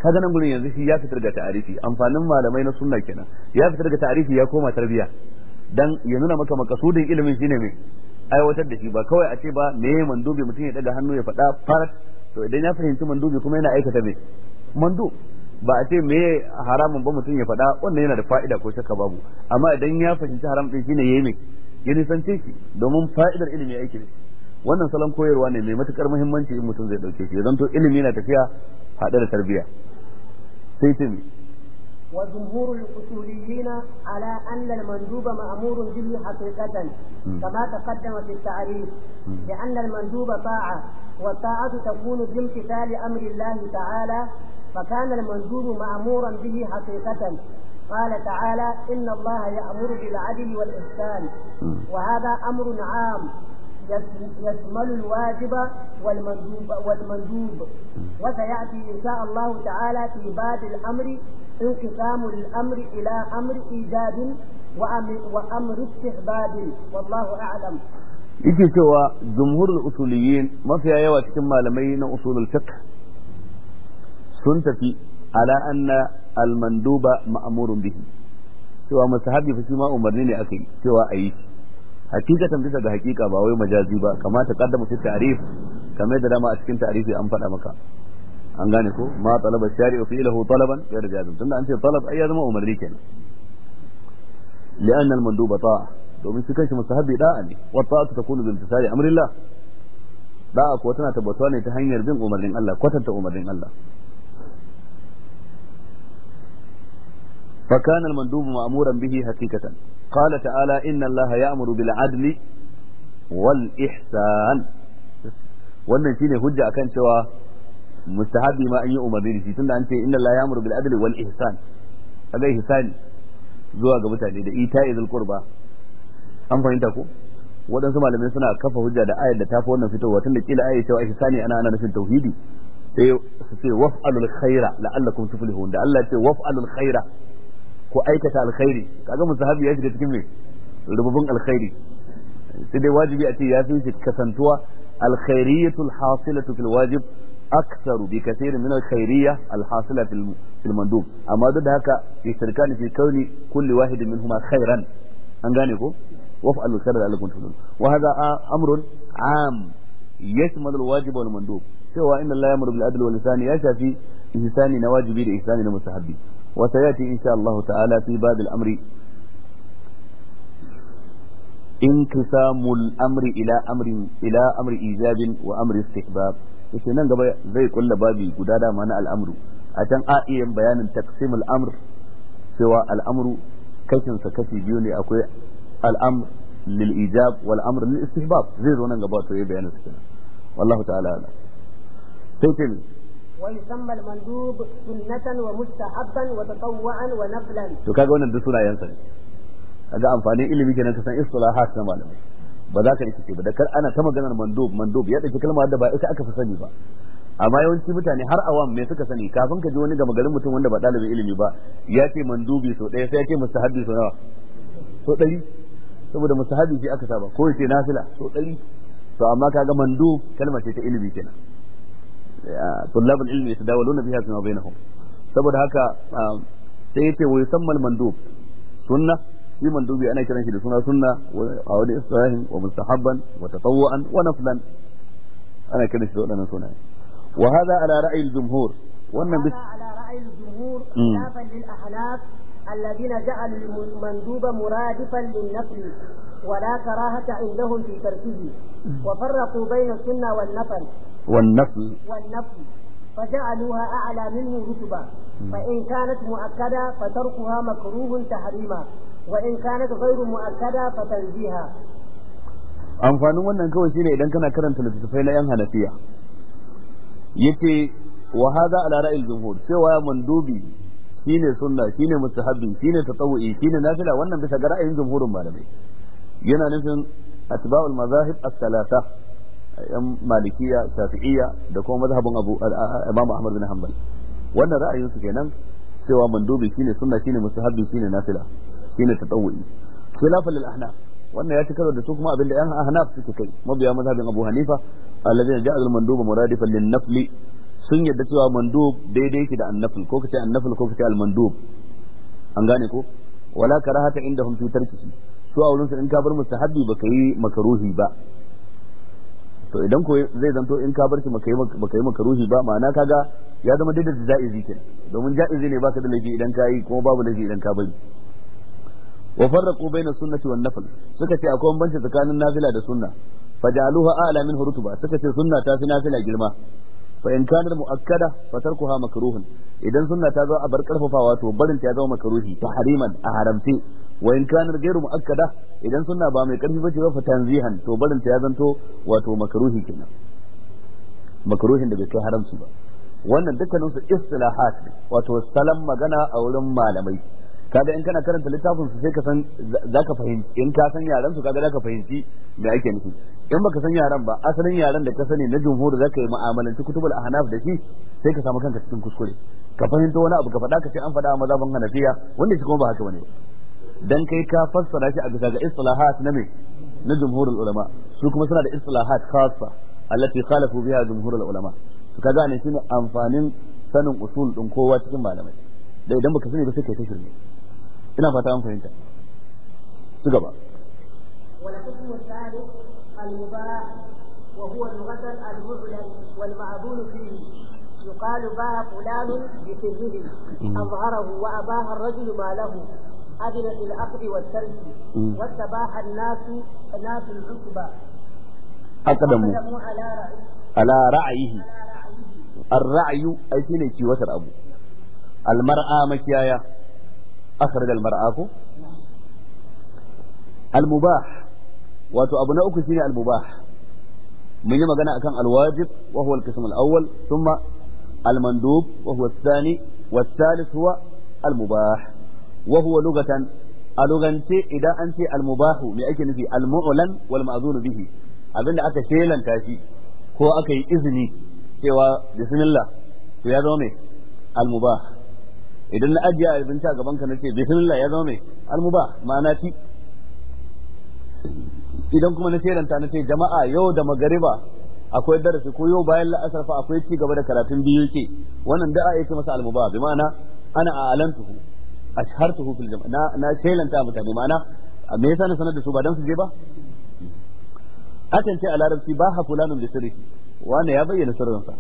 kaga nan gurin yanzu shi ya fitar da ta'arifi amfanin malamai na sunna kenan ya fitar da ta'arifi ya koma tarbiya dan ya nuna maka makasudin ilimin shine me aiwatar da shi ba kawai a ce ba me mandubi mutum ya daga hannu ya faɗa farat to idan ya fahimci mandubi kuma yana aikata me mandu ba a ce me haramun ba mutum ya faɗa wannan yana da fa'ida ko shakka babu amma idan ya fahimci haram din shine yayi me ya nisance shi domin fa'idar ilimi aiki ne wannan salon koyarwa ne mai matukar muhimmanci in mutum zai dauke shi ya zanto ilimi na tafiya hade da tarbiya sai tim wa jumhuru al-usuliyyin ala anna al-mandub ma'murun bihi haqiqatan hmm. kama taqaddama fi ta'rif bi hmm. anna al-mandub ta'a wa ta'atu takunu bi imtithali amri Allah ta'ala fa kana Ma'amuran mandub ma'muran bihi haqiqatan قال تعالى إن الله يأمر بالعدل والإحسان وهذا أمر عام يشمل الواجب والمندوب والمندوب وسيأتي إن شاء الله تعالى في باب الأمر انقسام الأمر إلى أمر إيجاد وأمر استحباب والله أعلم يجي سوى جمهور الأصوليين ما في أيوة تسمى لمين أصول الفقه sun على أن almanduba ma'amurun bihi cewa mustahabi fa shi ma umarni ne aka yi cewa a yi hakikatan bisa ga hakika ba wai majazi ba kamata kaddama fi ta'rif kamar da dama a cikin ta'rifi an faɗa maka an gane ko ma talaba shari'u fi lahu talaban ya rajazun tunda an ce talab ai ya zama umarni kenan li'anna almanduba manduba ta'a domin shi kanshi mustahabi da'a ne wa ta'atu takunu bi imtisali amrillah da'a ko tana tabbatuwa ne ta hanyar bin umarnin Allah kwatanta umarnin Allah فكان المندوب مأمورا به حقيقة قال تعالى إن الله يأمر بالعدل والإحسان wannan shine hujja akan cewa mustahabi ma an yi umarni da shi tunda an ce inna la ya'muru bil adli wal ihsan kaga ihsani zuwa ga mutane da ita'i zul qurba an fahimta ko waɗansu malamai suna kafa hujja da ayar da ta fi wannan fitowa tunda kila ayar cewa ihsani ana ana nufin tauhidi sai su ce waf'alul khaira la'allakum tuflihun da Allah ya ce waf'alul khaira ko aikata alkhairi kaga musahabi ya shiga cikin me rububin alkhairi sai dai wajibi a ce ya fi shi kasantuwa alkhairiyatu hasilatu fil wajib aktaru bi kathirin min alkhairiyya alhasila fil mandub amma duk da haka ishtirkani fi kauni kulli wahidin minhuma khairan an gane ko waf'alu khairan la'allakum tuflihun wa hadha amrun am yashmalu alwajib wal mandub cewa inna allaha ya'muru bil adli wal ihsani ya shafi ihsani na wajibi da ihsani na mustahabbi وسيأتي إن شاء الله تعالى في باب الأمر انقسام الأمر إلى أمر إلى أمر إيجاب وأمر استحباب nan gaba zai kulla babi guda da mana al'amru a can a iya bayanin taqsim al'amr cewa al'amru kashin sa kashi biyu ne akwai al'amr lil ijab wal amr lil nan gaba ويسمى المندوب سنة ومستحبا وتطوعا ونفلا to kaga wannan ينسل sunayen sa إلي بيكي ننسل ilimi kenan ka san istilahat na malamai ba za ka rikice ba da kar ana ta maganar mandub mandub ya dauki kalma da ba ita aka fi sani ba amma yawanci mutane har awam me suka sani kafin ka ji wani gama garin mutum wanda ba ilimi ba ya ce mandubi so ɗaya ya ce so nawa so ɗari saboda mustahabbi shi aka saba ko ya ce nasila so ɗari to amma kaga mandub kalma ce ta ilimi kenan آه، طلاب العلم يتداولون بها فيما بينهم سبب هكا آه، سيتي ويسمى المندوب سنة في مندوبي أنا كنا شيء سنة سنة وقاول إسرائيل ومستحبا وتطوعا ونفلا أنا كنا شيء سنة سنة وهذا على رأي الجمهور وأن بس... على رأي الجمهور خلافا للأخلاف الذين جعلوا المندوب مرادفا للنفل ولا كراهة عندهم في تركه وفرقوا بين السنة والنفل والنفل والنفل فجعلوها أعلى منه رتبة فإن كانت مؤكدة فتركها مكروه تحريما وإن كانت غير مؤكدة فتنزيها amfanin wannan kawai shine idan kana karanta littattafai na yan hanafiya yace wa hadha ala ra'il jumhur cewa mandubi shine sunna shine mustahabbi shine tatawwi shine nafila wannan bisa ga ra'ayin jumhurin malamai yana nufin atba'ul mazahib as-salasa yan malikiya shafi'iyya da kuma mazhabin abu imam ahmad bin hanbal wannan ra'ayin su kenan cewa mandubi shine sunna shine mustahabbi shine nafila shine tatawwu'i khilafan lil ahnaf wannan ya ci karo da su kuma abinda yan ahnaf suke kai mabiya mazhabin abu hanifa alladhina ja'al al manduba muradifan lin nafli sun yadda cewa mandub daidai yake da annafil ko kace annafil ko kace al mandub an gane ko wala karahata indahum fi tarkihi su a wurin su in ka bar mustahabbi baka yi makaruhi ba to idan ko zai zanto in ka bar shi baka yi maka ruhi ba ma'ana kaga ya zama daidai da ja'izi kenan domin ja'izi ne baka da laifi idan ka yi kuma babu laifi idan ka bari wa farraqu baina sunnati wan nafl suka ce akwai banci tsakanin nafila da sunna fajaluha a'la min rutuba suka ce sunna ta fi nafila girma fa in kana muakkada fa tarkuha makruhun idan sunna ta zo a bar karfafawa to barin ya zama makruhi hariman a haramce wa in kanar gairu muakkada idan sunna ba mai karfi bace ba fa tanzihan to barin ta ya zanto wato makruhi kenan makruhin da bai kai haramci ba wannan dukkanin su istilahat wato salam magana a wurin malamai kaga in kana karanta littafin su sai ka san zaka fahimci in ka san yaran su kaga zaka fahimci me ake nufi in baka san yaran ba asalin yaran da ka sani na jumhur zaka yi mu'amalanci kutubul ahnaf da shi sai ka samu kanka cikin kuskure ka fahimta wani abu ka faɗa ka ce an faɗa a mazhaban hanafiya wanda shi kuma ba haka bane ba dan kai ka fassara shi a bisa ga istilahat na me na jumhurul ulama su kuma suna da istilahat khassa allati khalafu biha jumhurul ulama to kaga ne shine amfanin sanin usul din kowa cikin malamai da idan baka sani ba sai kai ta shirme ina fata an fahimta su gaba والحكم الثالث المباح وهو اللغة المعلن والمعبول فيه يقال باع فلان بسره أظهره وأباه الرجل ما له أذن للأخذ والترك واستباح الناس ناس العصبة أقدموا على رأيه على رأيه الرعي أي شيء كي وتر أبو المرأة مكيايا أخرج المرأة المباح wato abu na uku shine al-mubah mun yi magana akan al-wajib wa huwa al-qism al-awwal thumma al-mandub wa huwa ath-thani wa ath-thalith huwa al-mubah wa لغة lugatan a lugance idan an ce al me ake nufi al-mu'lan wal ma'zun bihi abinda aka shelanta shi ko aka yi izini cewa bismillah to ya zama al-mubah idan na ajiye a gaban ka idan kuma na shiranta na ce jama'a yau da magariba akwai darasi ko yau bayan la'asar fa akwai ci gaba da karatun biyu ke wannan da'a ya ce masa al bi ma'ana ana a'alantuhu ashhartuhu fil jama'a na na shelanta mutane ma'ana me yasa na sanar da su ba dan su je ba akan ce a larabci ba ha fulanun bisirihi wanda ya bayyana sirrinsa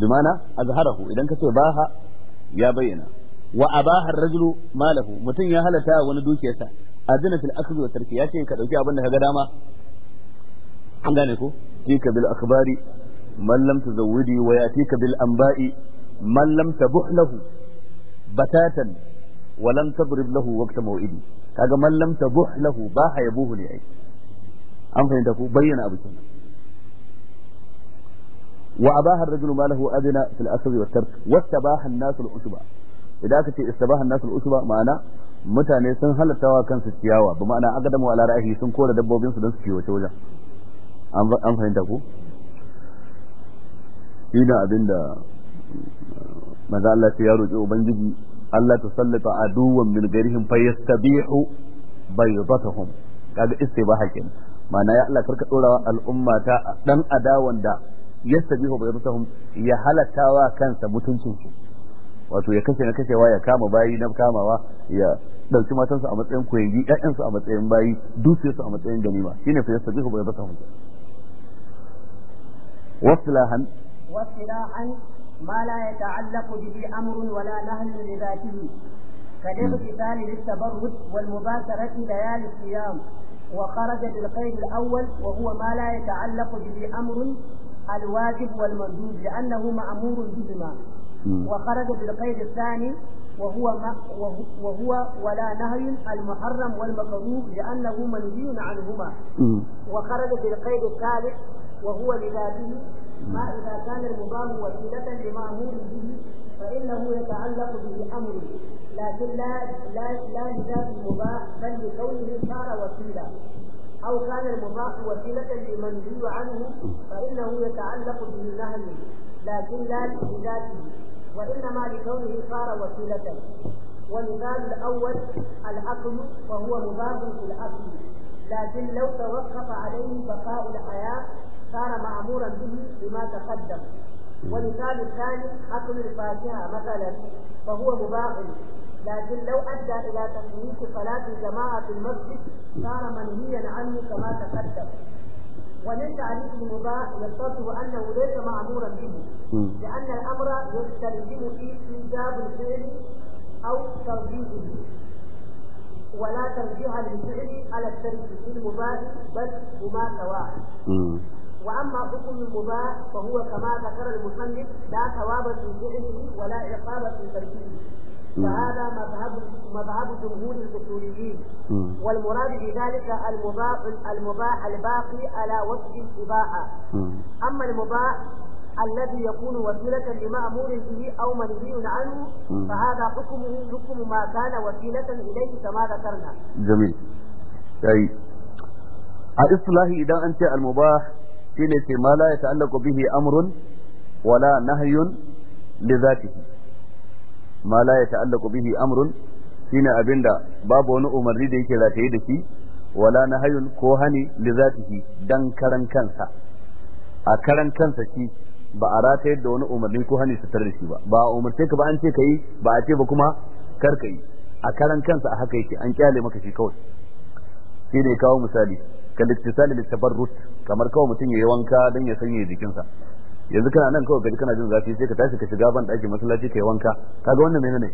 bimana azharahu idan ka ce ba ha ya bayyana wa abaha ar-rajulu malahu mutum ya halata wani dukiyarsa azina fil akhdhi wa tarki ya ce ka dauki abin da kaga dama an gane ko tika bil akhbari man lam tuzawwidi wa yatika bil anba'i man lam tabuh lahu batatan walam tadrib lahu an fahimta ku bayyana abu wa abaha ar-rajulu ma lahu adna fil asr wa tark wattabaha an idan aka ce istabaha an-nas al-usba ma'ana mutane sun halattawa kansu ciyawa ba ma'ana agadamu ala ra'ahi sun kora dabbobin su don su kiwace wajen an fahimta ku shi abin da Maza Allah ce ya roki ubangiji Allah ta sallata aduwan min garihim fayastabihu baydatahum kaga istibaha kenan ma'ana ya Allah karka dorawa al'umma ta dan adawan da yastabihu baydatahum ya halatawa kansa mutuncin su wato ya kashe na kashewa ya kama bayi na kamawa ya dauki matansu a matsayin koyi su a matsayin bayi su a matsayin ganima shine fayastabihu baydatahum wasilahan wasilahan ما لا يتعلق به أمر ولا نهل لذاته كالاغتسال للتبرد والمباشرة ليالي الصيام وخرج بالقيد الأول وهو ما لا يتعلق به أمر الواجب والمردود لأنه مأمور بهما وخرج بالقيد الثاني وهو, ما وهو ولا نهي المحرم والمكروه لأنه منهي عنهما وخرج بالقيد الثالث وهو لذاته ما إذا كان المضاف وسيلة لمأمور به فإنه يتعلق به أمر لكن لا لا لا لذات المضاف بل لكونه صار وسيلة أو كان المضاف وسيلة لمنهي عنه فإنه يتعلق به نهي لكن لا لذاته وإنما لكونه صار وسيلة والمثال الأول الأكل وهو مضاف في الأكل لكن لو توقف عليه بقاء الحياة صار مأمورا به بما تقدم والمثال الثاني أكل الفاكهة مثلا فهو مباح لكن لو أدى إلى تقليد صلاة الجماعة في المسجد صار منهيا عنه كما تقدم ومن تعريف المباح يتصف أنه ليس مأمورا به لأن الأمر يستلزم فيه إيجاب الفعل أو ترجيحه ولا ترجيح للفعل على الترك في المباح بل هما سواء واما حكم المباح فهو كما ذكر المصنف لا ثواب في فعله ولا عقاب في تركه فهذا مذهب مذهب جمهور الاصوليين والمراد بذلك المباح المباح الباقي على وجه الاباحه اما المباح الذي يكون وسيلة لمأمور به أو منهي عنه فهذا حكمه حكم ما كان وسيلة إليه كما ذكرنا جميل أي a اذا انت المباح shine ce ma la yata'allaqu bihi amrun wala nahyun li zatihi ma la yata'allaqu bihi amrun shine abinda babu wani umarni da yake rataye da shi wala nahyun ko hani li zatihi dan karan kansa a karan kansa shi ba a rataye da wani umarni ko hani su da shi ba ba a umarce ka ba an ce kai yi ba a ce ba kuma kar ka yi a karan kansa a haka yake an kyale maka shi kawai shine kawo misali ka littisali kamar kawai mutum ya yi wanka don ya sanya jikinsa yanzu kana nan kawai gari kana jin zafi sai ka tashi ka shiga ban ɗakin masallaci ka yi wanka kaga wannan menene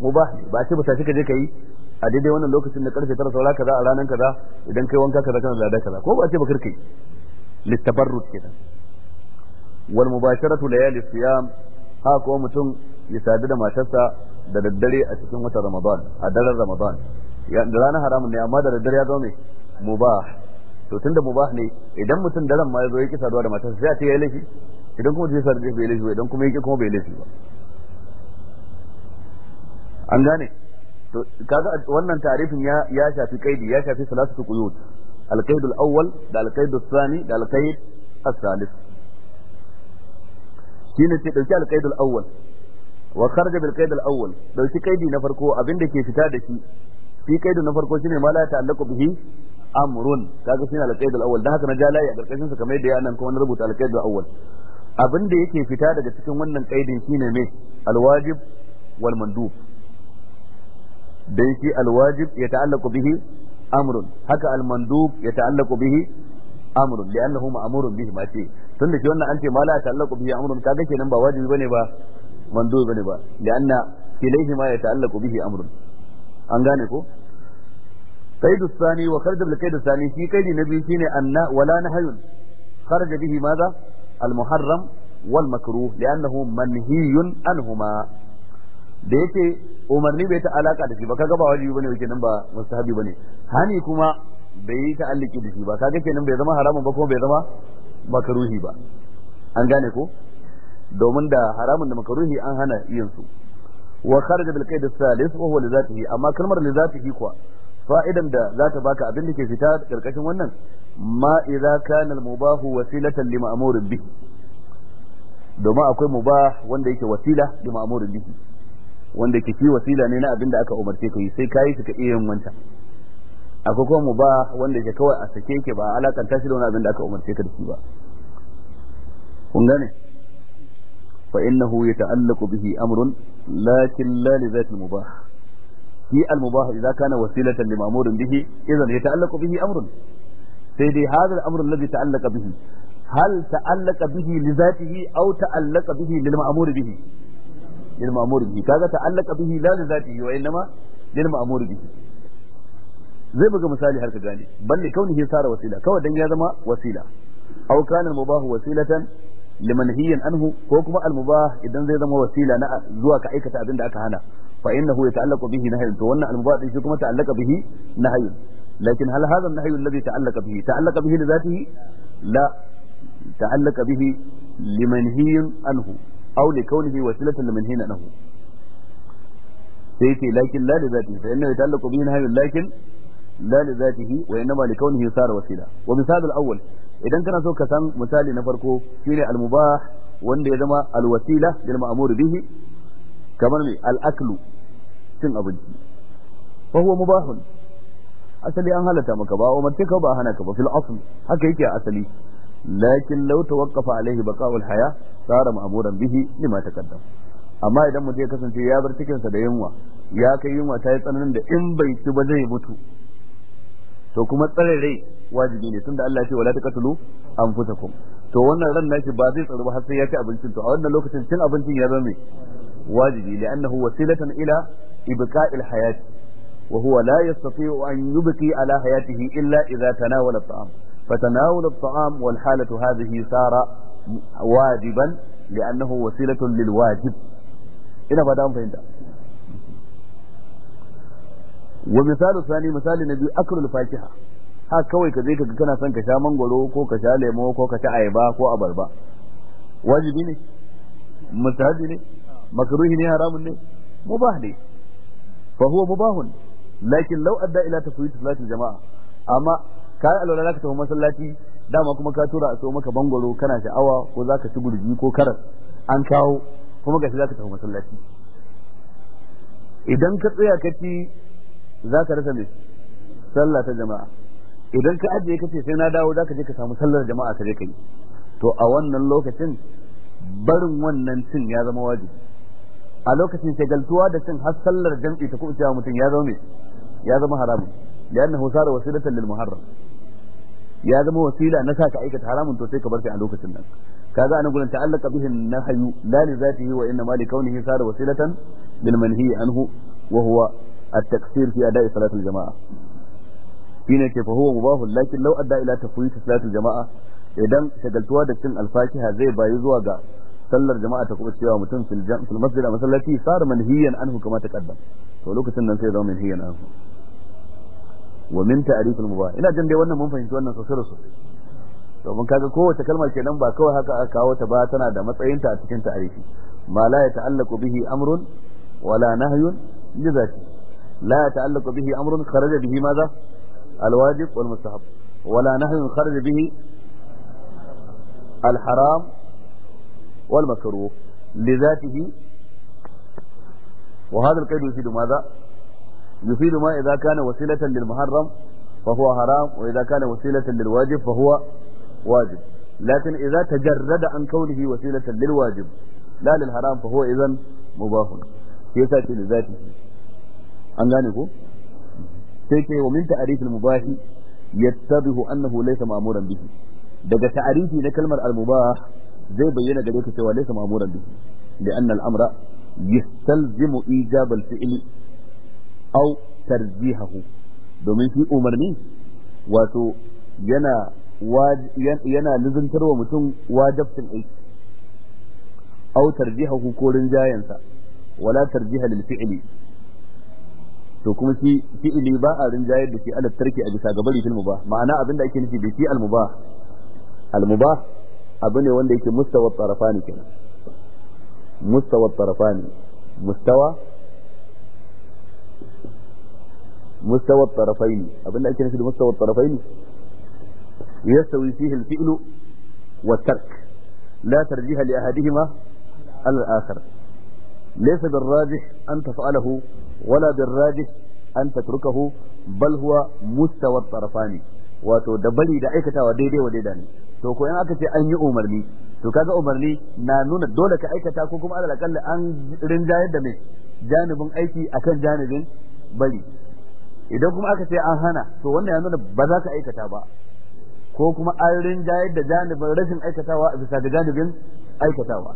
mu ba ba ce ba tashi ka je ka yi a daidai wannan lokacin da karfe tara saura kaza a ranar kaza idan kai wanka kaza kana lada kaza ko ba ce ba kirki littabarrut kenan wal mubasharatu layali siyam ha ko mutum ya sadu da matarsa da daddare a cikin watan ramadan a daren ramadan ya da ranar haramun ne amma da daddare ya zo mai mubah to da mubah ne idan mutum daren ma ya zo ya kisa da matar sai a ce ya laifi idan kuma zai sarje bai laifi ba idan kuma yake kuma bai laifi ba an gane to kaga wannan tarifin ya ya shafi kaidi ya shafi salatu quyut al-qaid al-awwal da al-qaid al-thani da al-qaid al-thalith shine sai dauki al-qaid al-awwal wa kharaja bil qaid al-awwal dauki kaidi na farko abinda ke fita da shi shi kaidi na farko shine ma la ta'allaqu bihi amrun kaga shine al-qaid al-awwal da haka na ja layi a karkashin sa kamar yadda ya nan kuma na rubuta al-qaid al-awwal abin da yake fita daga cikin wannan kaidin shine me al-wajib wal mandub dan shi al-wajib ya ta'allaqu bihi amrun haka al-mandub ya ta'allaqu bihi amrun li'annahu ma'murun bihi ma ce tun da shi wannan an ce ma la ta'allaqu bihi amrun kaga kenan ba wajibi bane ba mandub bane ba li'anna ilayhi ma ya ta'allaqu bihi amrun an gane ko قيد الثاني وخرج بالقيد الثاني في قيد النبي فينا أن ولا نهي خرج به ماذا المحرم والمكروه لأنه منهي عنهما da yake umarni bai ta alaka da shi ba kaga ba wajibi bane yake nan ba mustahabi bane hani kuma bai yi ta'alliki da shi ba kaga kenan bai zama haramun ba kuma bai zama makaruhi ba an gane ko domin da haramun da makaruhi an hana yin su wa kharaja bil qaid as-salis wa huwa li zatihi amma kalmar li zatihi kuwa fa'idan da za ta baka abin da ke fita ƙarƙashin wannan ma idza kana al mubahu wasilatan lima amurin bihi domin akwai ba wanda yake wasila lima amurin bihi wanda ke fi wasila ne na abin da aka umarce ka yi sai ka shi ka iya yin wancan akwai kuma ba wanda ke kawai a sake yake ba alakanta shi da wani abin da aka umarce ka da shi ba kun gane fa innahu yata'allaqu bihi amrun lakin la li zati mubah shi al-mubah idza kana wasilatan limamurin bihi idan yata'allaqu bihi amrun sai dai hadha al-amru alladhi ta'allaqa bihi hal ta'allaqa bihi li zatihi aw ta'allaqa bihi lil ma'mur bihi lil ma'mur bihi kaga ta'allaqa bihi la li zatihi wa innama lil ma'mur bihi zai buga misali har ka gane balle kaunihi sara wasila kawai dan ya zama wasila aw kana al-mubah wasilatan hiyan anhu ko kuma al-mubah idan zai zama wasila na zuwa ka aikata abin da aka hana fa innahu yata'allaqu bihi nahyun wannan al-mubah shi kuma ta'allaqa bihi nahyun lakin hal hadha an-nahy alladhi ta'allaqa bihi ta'allaqa bihi li dhatihi la ta'allaqa bihi limanhiyin anhu aw li kawnihi wasilatan limanhiyin anhu sai ce lakin la li dhatihi fa innahu yata'allaqu bihi nahyun lakin la li dhatihi wa innama li kawnihi sara wasila wa misal al-awwal idan kana so kasan san misali na farko shine wanda ya zama alwasila wasila bihi kamar mai al'aklu cin abinci fa huwa mubahun asali an halatta maka ba umarce ka ba hana ka ba fil asl haka yake a asali lakin law tawaqqafa alaihi baqa'ul haya tsara ma'muran bihi lima taqaddam amma idan mutum ya kasance ya bar cikin sa da yunwa ya kai yunwa ta yi tsananin da in bai ci ba zai mutu to kuma tsare rai wajibi ne tunda Allah ya ce wala taqtulu anfusakum to wannan ran nashi ba zai tsaro ba har sai ya ci abincin to a wannan lokacin cin abincin ya zama wajibi li'annahu wasilatan ila ibqa'il hayat wa huwa la yastati'u an yubqi ala hayatihi illa idza tanawala at'am فتناول الطعام والحالة هذه صار واجبا لأنه وسيلة للواجب إلى بعد فهمت ومثال الثاني مثال النبي أكل الفاكهة ha kawai ka je ka kana son ka sha mangoro ko ka sha lemo ko ka ayaba ko abarba wajibi ne mutaji ne makruhi ne haramun ne mubah ne fa huwa mubahun lakin law adda ila tafwid salati jama'a amma ka alwala zaka tafi masallaci dama kuma ka tura a so maka bangoro kana sha'awa ko zaka ci gurji ko karas an kawo kuma gashi zaka tafi masallaci idan ka tsaya ka ci zaka rasa me sallah ta jama'a idan ka ajiye ka ce sai na dawo zaka je ka samu sallar jama'a ka je kai to a wannan lokacin barin wannan cin ya zama wajibi a lokacin shagaltuwa da cin har sallar jam'i ta kuma cewa mutum ya zama ya zama haramun li'annahu sara wasilatan lil muharram ya zama wasila na saka aikata haramun to sai ka bar shi a lokacin nan kaga anan gurin ta'allaka bihi nahyu la li zatihi wa inma li kaunihi sara wasilatan lil manhi anhu wa huwa at-taksir fi ada'i salat jamaa shine ke fa huwa mubahul lakin law adda ila tafwit salat jamaa idan shagaltuwa da cin alfakiha zai bayi zuwa ga sallar jama'a ta kuma cewa mutum fil fil masjid a masallaci sar manhiyan anhu kama ta kaddam to lokacin nan sai zama manhiyan anhu wa min ta'rif al mubah ina jin dai wannan mun fahimci wannan sosai da to mun kaga kowace kalma kenan ba kawai haka aka kawo ta ba tana da matsayin ta a cikin ta'rifi ma la ya ta'allaqu bihi amrun wala nahyun jazati la ya ta'allaqu bihi amrun kharaja bihi madha al wajib wal mustahab wala nahyun kharaja bihi al haram wal makruh li zatihi wa hadha al qaid yufidu madha yufidu ma idza lil muharram fa haram wa idza lil wajib fa huwa wajib lakin idza tajarrada an kawnihi wasilatan lil wajib la haram fa huwa mubahun sai yasa ce li an gane sai wa min daga ta'arifi na kalmar al zai bayyana gare ka cewa laysa ma'muran bihi li anna al-amra yastalzimu ijab al-fi'li aw tarjihahu domin shi umarni wato yana yana lizantarwa mutum wajabtin aiki aw tarjihahu ko rinjayansa wala tarjiha lil fi'li to kuma shi fi'li ba a rinjayar da shi ala tarki a bisa gabari fil mubah ma'ana abinda ake nufi da shi al mubah al mubah abu ne wanda yake mustawa tarafani kenan mustawa tarafani mustawa mustawa tarafaini abin da ake nufi da mustawa tarafaini yastawi fihi al-fi'lu wa tark la tarjiha li ahadihima ala al-akhar laysa bil-rajih an taf'alahu wala bil-rajih an tatrukahu bal huwa mustawa tarafani wato da bari da aikatawa daidai wa daidai ne to ko in aka ce an yi umarni to kaga umarni na nuna dole ka aikata ko kuma alal akalla an rinjayar da mai janibin aiki akan janibin bari idan kuma aka ce an hana to wannan ya nuna ba za ka aikata ba ko kuma an rinjayar da janibin rashin aikatawa a bisa ga janibin aikatawa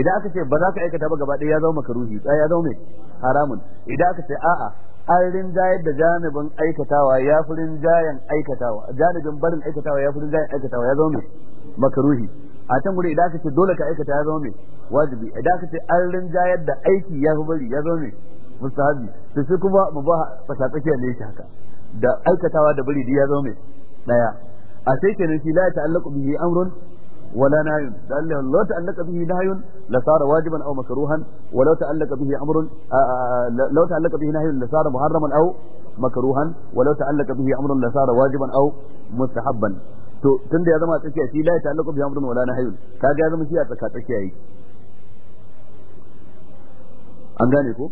idan aka ce ba za ka aikata ba gaba ɗaya ya zama makaruhi ya zama mai haramun idan aka ce a'a an rinjaye da janibin aikatawa ya fi rinjayen aikatawa janibin barin aikatawa ya fi rinjayen aikatawa ya zama mai makaruhi a can guri idan aka ce dole ka aikata ya zama mai wajibi idan aka ce an rinjaye da aiki ya fi bari ya zama mai mustahabi to sai kuma mu ba tsakatsakiya ne shi haka da aikatawa da bari ya zama mai daya a sai kenan shi la ta'allaqu bihi amrun ولا نهي لأنه لو تعلق به نهي لصار واجبا أو مكروها ولو تعلق به أمر لو تعلق به نهي لصار محرما أو مكروها ولو تعلق به أمر لصار واجبا أو مستحبا to tunda ya zama tsakiya shi la ya ta'allaqu bi amrin wala nahyun kaga ya zama shi a tsaka tsakiya yi an gane ko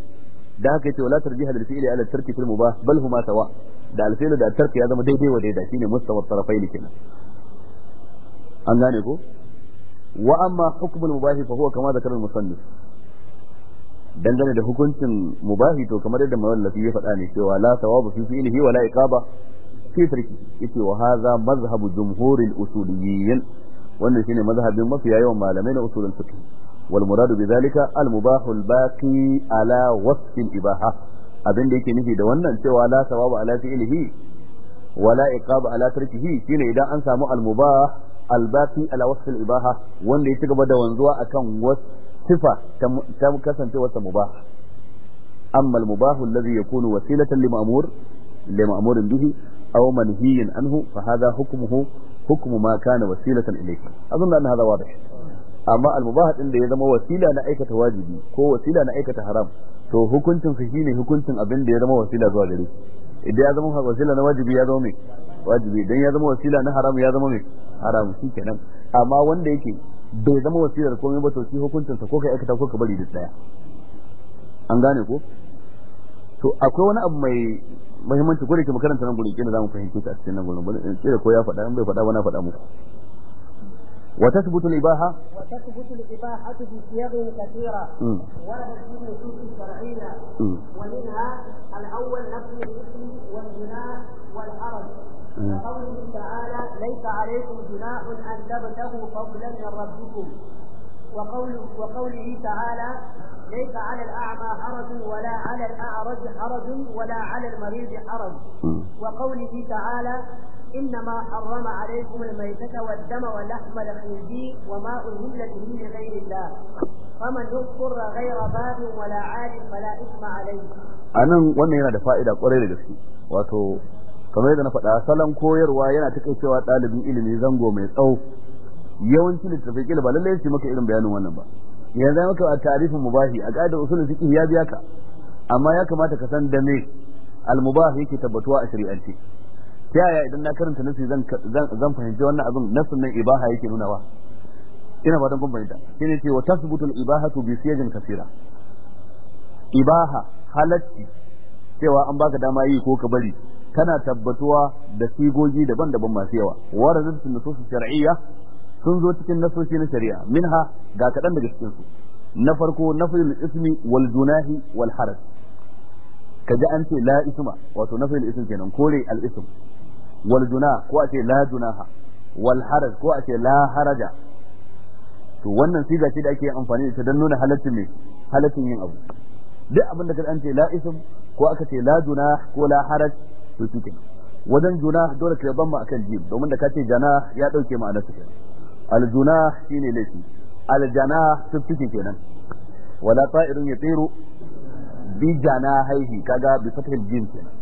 da haka yace wala tarjiha lil fi'li ala tarki fil mubah bal huma sawa da al fi'lu da tarki ya zama daidai wa daidai shine mustawa tarafain kenan an gane ko wa amma hukmul mubahi fa huwa kama musannif dangane da hukuncin mubahi to kamar yadda mawallafi ya faɗa ne cewa la thawabu fi fi'lihi wa la iqaba fi tarki yace wa hadha jumhuril usuliyyin wannan shine mafiya yawan malamai na usulul fiqh wal muradu bi zalika al mubahu al baqi ala al ibaha abin da yake nufi da wannan cewa la thawabu ala fi'lihi wa la iqaba ala tarkihi shine idan an samu al mubah albaqi ala wasf ibaha wanda ya ci gaba da wanzuwa akan wasu sifa ta kasance wasa mubah amma al-mubah alladhi yakunu wasilatan li ma'mur li ma'mur bihi aw manhiyan anhu fa hadha hukmuhu hukmu ma kana wasilatan ilayhi azan anna hadha wadih amma al-mubah din da ya zama wasila na aikata wajibi ko wasila na aikata haram to hukuncin su shine hukuncin abin da ya zama wasila zuwa gare shi idan ya zama wasila na wajibi ya zama mai wajibi dan ya zama wasila na haramu ya zama mai haramu kenan amma wanda yake bai zama wasilar komai ba to shi hukuncin sa ko kai aikata ko ka bari duk daya an gane ko to akwai wani abu mai muhimmanci ko ki ke makaranta nan gure ki za zamu fahimce shi a cikin nan gurin kina ko ya faɗa an bai faɗa ba na faɗa muku وتثبت الإباحة وتثبت الإباحة في سياق كثيرة ورد في النصوص الشرعية ومنها الأول نفس الإثم والجناح والحرج كقوله تعالى ليس عليكم جناح أن تبتغوا فضلا من ربكم وقول وقوله تعالى ليس على الأعمى حرج ولا على الأعرج حرج ولا على المريض حرج وقوله تعالى إنما حرم عليكم الميتة والدم ولحم الخنزير وما أهل به لغير الله فمن يذكر غير باب ولا عاد فلا إثم عليه anan wannan yana da fa'ida kwarai da gaske wato kamar yadda na faɗa salon koyarwa yana ta cewa ɗalibin ilimi zango mai tsawo Yawancin littattafai ƙila ba lallai su maka irin bayanin wannan ba yanzu maka a tarifin mubahi a ƙa'idar usulun fiqh ya biya ka amma ya kamata ka san da me al-mubah yake tabbatuwa a shari'ance yaya idan na karanta nasi zan zan fahimci wannan abin nasin nan ibaha yake nunawa ina don kun fahimta shine ce wa tasbutul Ibaha ibahatu bi siyajin kasira ibaha halacci cewa an baka dama yi ko ka bari tana tabbatuwa da sigogi daban-daban masu yawa waradat nusus shar'iyya sun zo cikin nasoshi na shari'a minha ga kaɗan daga cikin su na farko nafyul ismi wal junahi wal haraj kaga an ce la isma wato nafyul ism kenan kore al ism wal junah ko a ce la junaha wal to wannan siga ce da ake amfani da ita don nuna halaccin mai halaccin yin abu duk abin da ka ce la ism ko aka ce la junah ko la haraj to shi wajen juna dole ka ban ma akan jim domin da ka ce janah ya dauke ma'anar su kenan al junah shine laifi al su tufiki kenan wala ta'irun yatiru bi janahaihi kaga bi fathil jim kenan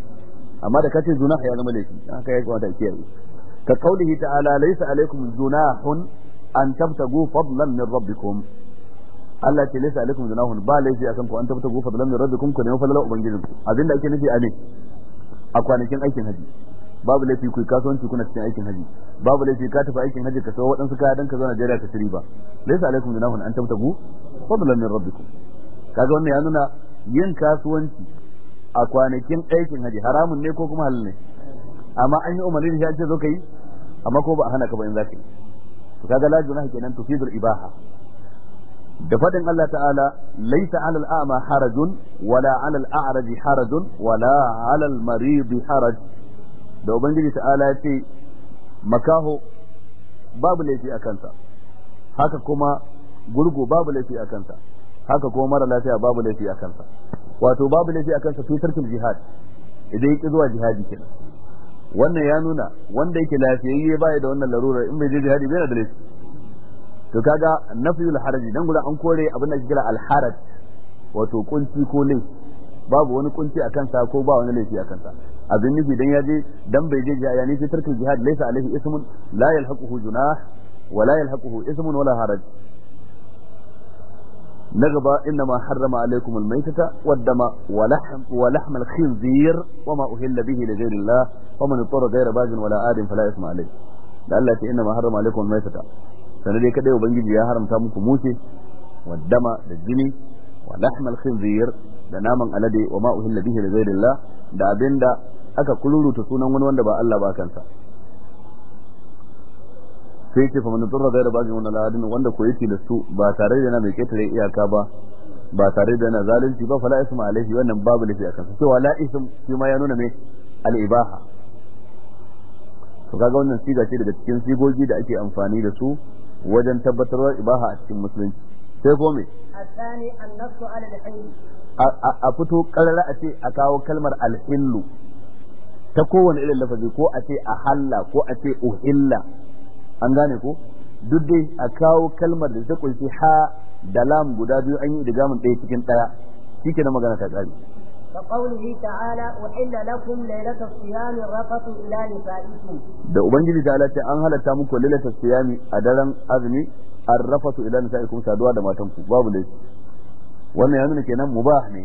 amma da kace zuna ya zama laifi haka ya kwata kiyaye ka kaulihi ta'ala laysa alaykum zunahun an tabtagu fadlan min rabbikum Allah ce laysa alaykum zunahun ba laifi akan ku an tabtagu fadlan min rabbikum ku nemi fadlan ku abinda ake nufi a ne a kwanakin aikin haji babu laifi ku kasuwanci kuna cikin aikin haji babu laifi ka tafi aikin haji ka sayo waɗansu kaya dan ka zo Najeriya ka tiri ba laysa alaykum zunahun an tabtagu fadlan min rabbikum kaga wannan ya nuna yin kasuwanci a kwanakin aikin haji haramun ne ko kuma halal ne amma an yi umarni da shi zo kai amma ko ba a hana ka ba in zaka yi to kaga la junaha kenan tufidul ibaha da fadin Allah ta'ala laisa 'alal a'ma harajun wala 'alal a'raj harajun wala 'alal marid haraj da ubangiji ta'ala ya ce makaho babu laifi a kansa haka kuma gurgu babu laifi a kansa haka kuma mara lafiya babu laifi a kansa wato babu laifi akan sa fi tarkil jihad idan yake zuwa jihadi kenan wannan ya nuna wanda yake lafiyayye baya da wannan larura in bai je jihadi bai na da laifi to kaga nafiyul haraji dan gudan an kore abin da ake kira al haraj wato kunci ko laifi babu wani kunci a kansa ko ba wani laifi a kansa abin nufi dan ya je dan bai je ya ne fi tarkin jihad laysa alaihi ismun la yalhaquhu junah wa la yalhaquhu ismun wala haraj na gaba inna ma harrama alaikum almaitata waddama wa lahm wa lahm alkhinzir wa ma uhilla bihi li ghayri Allah wa man ittara ghayra bajin wala adin fala isma alayh da Allah ta inna ma harrama alaikum almaitata sanan dai kadai ubangiji ya haramta muku mushe waddama da jini wa lahm alkhinzir da naman alade wa ma uhilla bihi li ghayri da abinda aka kururuta sunan wani wanda ba Allah ba kansa sai ce fa man durra ghayra baghin al adin wanda ko yace da su ba tare da yana mai ketare iyaka ba ba tare da yana zalunci ba fala isma alaihi wannan babu lafi kan sai wala ism shi ma ya nuna me al ibaha to kaga wannan siga ce daga cikin sigogi da ake amfani da su wajen tabbatarwar ibaha a cikin musulunci sai ko me a fito karara a ce a kawo kalmar alhillu ta kowane irin lafazi ko a ce a halla ko a ce uhilla an gane ko duk dai a kawo kalmar da ta kunshi ha da lam guda biyu an yi idgamin ɗaya cikin ɗaya shike na magana ta tsari فقوله تعالى أحل لكم ليلة الصيام الرفث إلى نسائكم da ubangiji ta'ala ce an halatta muku lailatul siyami a daren azumi arrafatu ila nisaikum saduwa da matanku babu laifi wannan ya nuna kenan mubah ne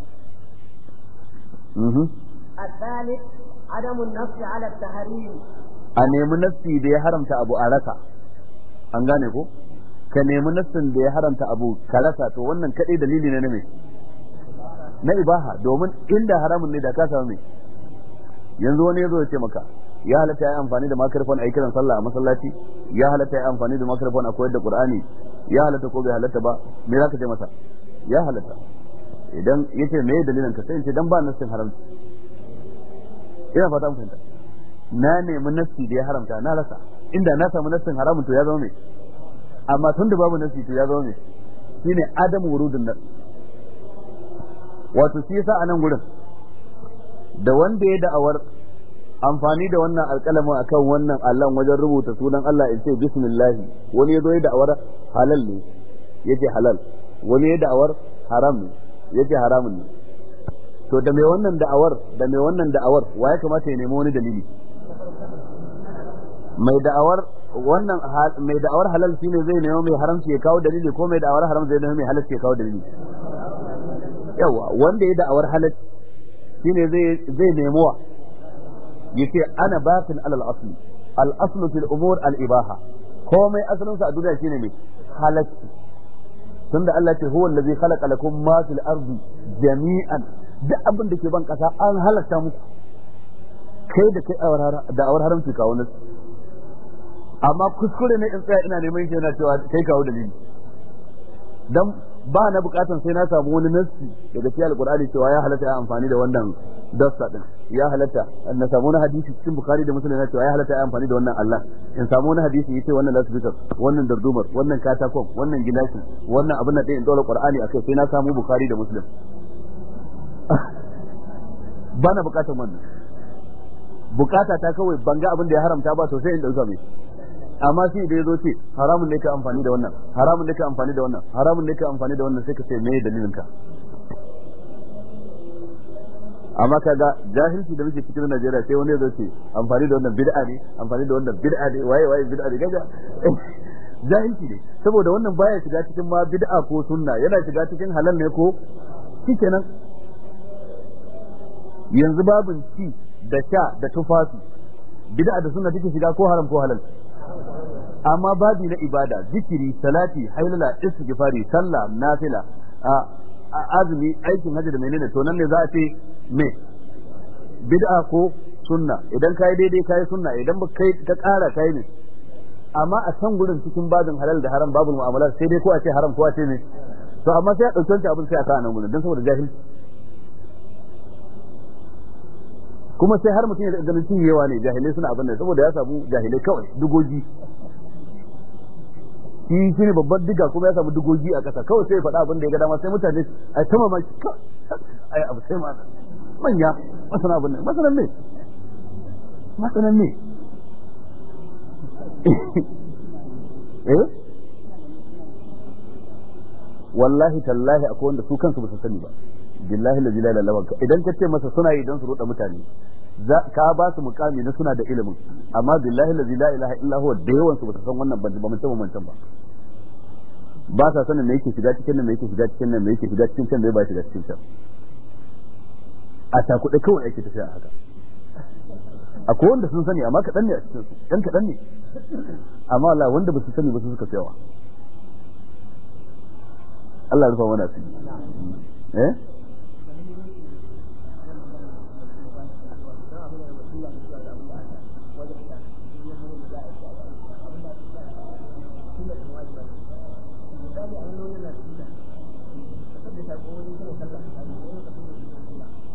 mhm الثالث عدم النص على التحريم a nemi nassi da ya haramta abu a rasa an gane ko ka nemi nassin da ya haramta abu ka rasa to wannan kadai dalili ne na me na ibaha domin inda haramun ne da ka samu me yanzu wani yazo ya ce maka ya halatta ya amfani da microphone a yi kiran sallah a masallaci ya halatta ya amfani da microphone a koyar da qur'ani ya halatta ko bai halatta ba me zaka ce masa ya halatta idan yace me dalilin ka sai in ce dan ba nassin haramci ina fata mun fahimta na nemi nassi da ya haramta na rasa inda na samu nassin haramun to ya zama mai amma tun da babu nassi to ya zama mai shine adam wurudun nas wato shi yasa anan gurin da wanda ya da'awar amfani da wannan alƙalamin akan wannan Allah wajen rubuta sunan Allah in ce bismillahi wani ya zo ya da'awar halal ne ya ce halal wani ya da'awar haram ne ya ce haramun ne to da mai wannan da'awar da mai wannan da'awar wa ya kamata ya nemi wani dalili mai da'awar wannan mai da'awar halal shine zai nemo mai haram ya kawo dalili ko mai da'awar haram zai nemo mai halal ya kawo dalili yawa wanda ya da'awar halal shine zai zai nemo yace ana batin alal asli al aslu fil umur al ibaha komai asalin sa a duniya shine mai halal tunda Allah ce huwa allazi khalaqa lakum ma fil ardi jami'an duk abin da ke ban kasa an halatta muku kai da kai da'awar haramci kawo nasu amma kuskure ne in tsaya ina neman shi yana cewa kai kawo dalili dan ba na bukatan sai na samu wani nassi daga cikin alqur'ani cewa ya halatta ya amfani da wannan dasta din ya halatta na samu wani hadisi cikin bukhari da muslim na cewa ya halatta ya amfani da wannan allah in samu wani hadisi yace wannan lasbitar wannan dardumar wannan katakon wannan gilashi wannan abin da in dole qur'ani akai sai na samu bukhari da muslim ba na bukatan wannan bukata ta kawai banga abin da ya haramta ba sosai in dauka mai amma shi da yazo ce haramun ne ka amfani da wannan haramun ne ka amfani da wannan haramun ne ka amfani da wannan sai ka ce me dalilin ka amma kaga jahilci da muke cikin Najeriya sai wani zai ce amfani da wannan bid'a ne amfani da wannan bid'a ne waye waye bid'a ne kaga jahilci ne saboda wannan baya shiga cikin ma bid'a ko sunna yana shiga cikin halal ne ko shikenan yanzu babin ci da sha da tufafi bid'a da sunna take shiga ko haram ko halal amma babi na ibada zikiri salati hailala istighfari sallah nafila azumi aikin hajji da menene to nan ne za a ce me bid'a ko sunna idan kai daidai kai sunna idan ba kai ta ƙara kai ne amma a can gurin cikin babin halal da haram babul mu'amalat sai dai ko a ce haram ko a ce ne to amma sai a ɗauki wancan abin sai a kawo nan gurin don saboda jahilci kuma sai har mutum ya ganin cin yawa ne jahilai suna abin da saboda ya samu jahilai kawai dugogi shi shi ne babban diga kuma ya samu dugogi a ƙasa kawai sai ya faɗa abin da ya ga dama sai mutane a kama mamaki kawai abu sai ma manya masana abin nan masana ne masana ne eh wallahi tallahi akwai wanda su kansu ba su sani ba billahi la ilaha illa idan ka ce masa suna idan su roda mutane ka ba su mukami na suna da ilimin amma billahi la ilaha illa huwa da yawan su ba su san wannan ba mu san mun ba ba sa sanin me yake shiga cikin nan me yake shiga cikin nan me yake shiga cikin can me ba shiga cikin can a ta kuɗe kawai yake tafiya haka akwai wanda sun sani amma kaɗan ne a cikin su ɗan kaɗan ne amma Allah wanda ba su sani ba su suka fiyawa Allah rufa wani asiri eh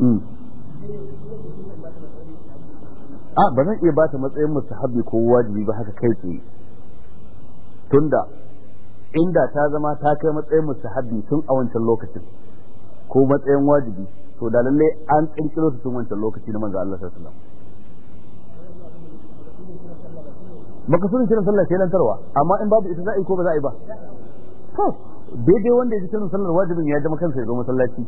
Mm. a ba zan iya ba ta matsayin mustahabi ko wajibi ba haka kai tsaye tunda inda ta zama ta kai matsayin mustahabi tun a wancan lokacin ko matsayin wajibi to da lallai an kirkiro su tun wancan lokaci na manzo Allah sallallahu alaihi wasallam baka sunan kiran sallah sai lantarwa amma in babu ita za a yi ko ba za a yi ba to daidai wanda ya ji kiran sallar wajibin ya zama kansa ya zo masallaci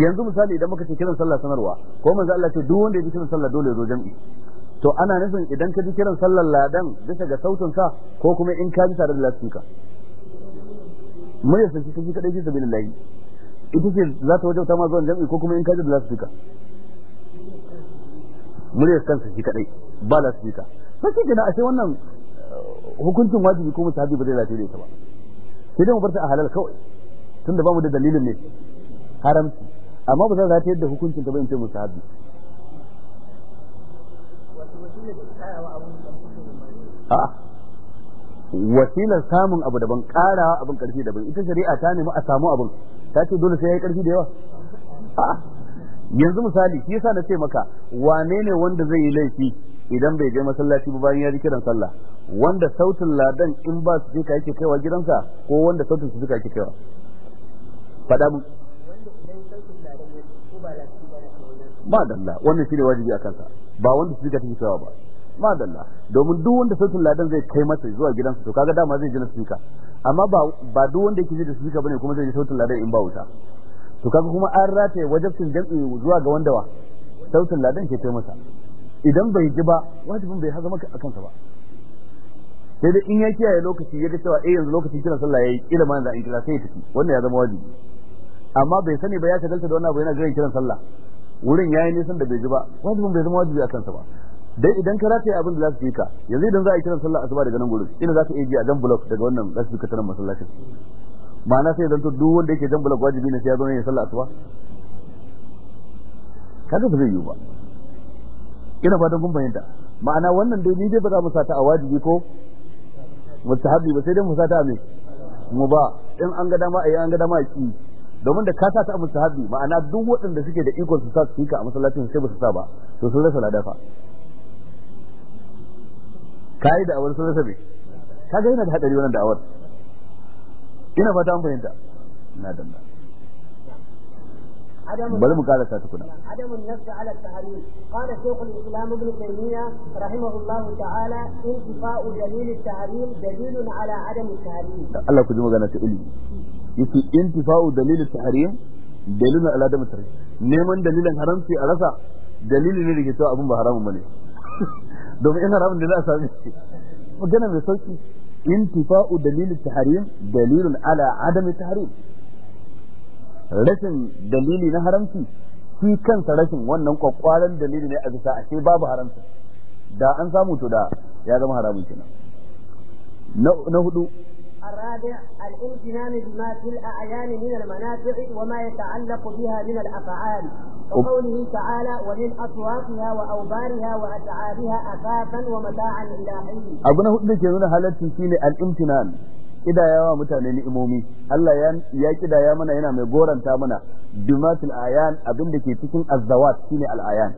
yanzu misali idan muka ce kiran sallah sanarwa ko manzo Allah ce duk wanda ya ji kiran sallah dole ya zo jami'i to ana nufin idan ka ji kiran sallar ladan bisa ga sautin sa ko kuma in ka ji tare da lasfika muryar sai kaji kadai da billahi ita ce za ta wajauta ma zuwan jami'i ko kuma in ka ji da lasfika muryar kansa shi kadai ba lasfika sai kina ashe wannan uh, hukuncin wajibi ko mutabi ba zai lafiya da ita ba sai dai mu bar ta a halal kawai tunda ba mu da dalilin ne haramci amma ba za ta yadda hukuncin ta ba in ce musahabi a wasilar samun abu daban karawa abin karfi daban ita shari'a ta nemi a samu abin ta ce dole sai ya yi karfi da yawa yanzu misali shi yasa na ce maka wane ne wanda zai yi laifi idan bai je masallaci ba bayan ya ji kiran sallah wanda sautin ladan in ba su ka yake kaiwa gidansa ko wanda sautin su suka yake kaiwa faɗa ma dalla wannan shine wajibi a kansa ba wanda su shirka take cewa ba ma dalla domin duk wanda sautin ladan zai kai masa zuwa gidansa to kaga dama zai ji na suka amma ba ba duk wanda yake ji da suka bane kuma zai ji sautin ladan in ba wuta to kaga kuma an rataye wajibcin jam'i zuwa ga wanda wa sautin ladan ke kai masa idan bai ji ba wajibin bai zama a kansa ba sai dai in ya kiyaye lokaci ya ga cewa eh yanzu lokacin kira sallah yayi kila ma yanzu an kira sai ya tafi wannan ya zama wajibi amma bai sani ba ya shagalta da wannan abu yana jiran kiran sallah wurin yayi nisan da bai ji ba wajibi bai zama wajibi a kansa ba dai idan ka rataye abin da za su yi ka yanzu idan za a yi kiran sallah asuba daga nan gurin ina za ka iya a jan block daga wannan za su yi ka masallacin ma'ana sai zanto duk wanda yake jan block wajibi ne sai ya zo ne ya sallar asuba kaga ba zai yiwu ba ina fatan kun fahimta ma'ana wannan dai ni dai ba za mu sata a wajibi ko mustahabi ba sai dai mu sata a me mu ba in an ga dama a yi an ga dama a ki domin da ka sa ta ma'ana duk waɗanda suke da ikon su sa su fika a masallacin sai ba su sa ba to sun rasa ladafa yi da awar sun rasa ne ga yana da hadari wannan da'awar ina fata an fahimta ina danna بل مقالة عدم النص على التحريم قال شيخ الإسلام ابن تيمية رحمه yace intifa'u dalilin tahrim dalilin ala da mutar neman dalilin haramci a rasa dalilin ne da ke cewa abin ba haramun bane domin in haramun da za a sami shi magana mai sauki intifa'u dalilin tahrim dalilin ala adam tahrim rashin dalili na haramci shi kansa rashin wannan kwakwaran dalili ne a bisa ashe babu haramci da an samu to da ya zama haramun kenan na hudu الرابع الامتنان بما في الأعيان من المنافع وما يتعلق بها من الأفعال وقوله تعالى ومن أصواتها وأوبارها وأشعارها أثاثا ومتاعا إلى حين أبنى هدنا كذلك هل تشيل الامتنان kidayawa mutane ni'imomi Allah ya kidaya mana yana mai goranta mana bimatul ayan abin da ke cikin azzawat shine al ayan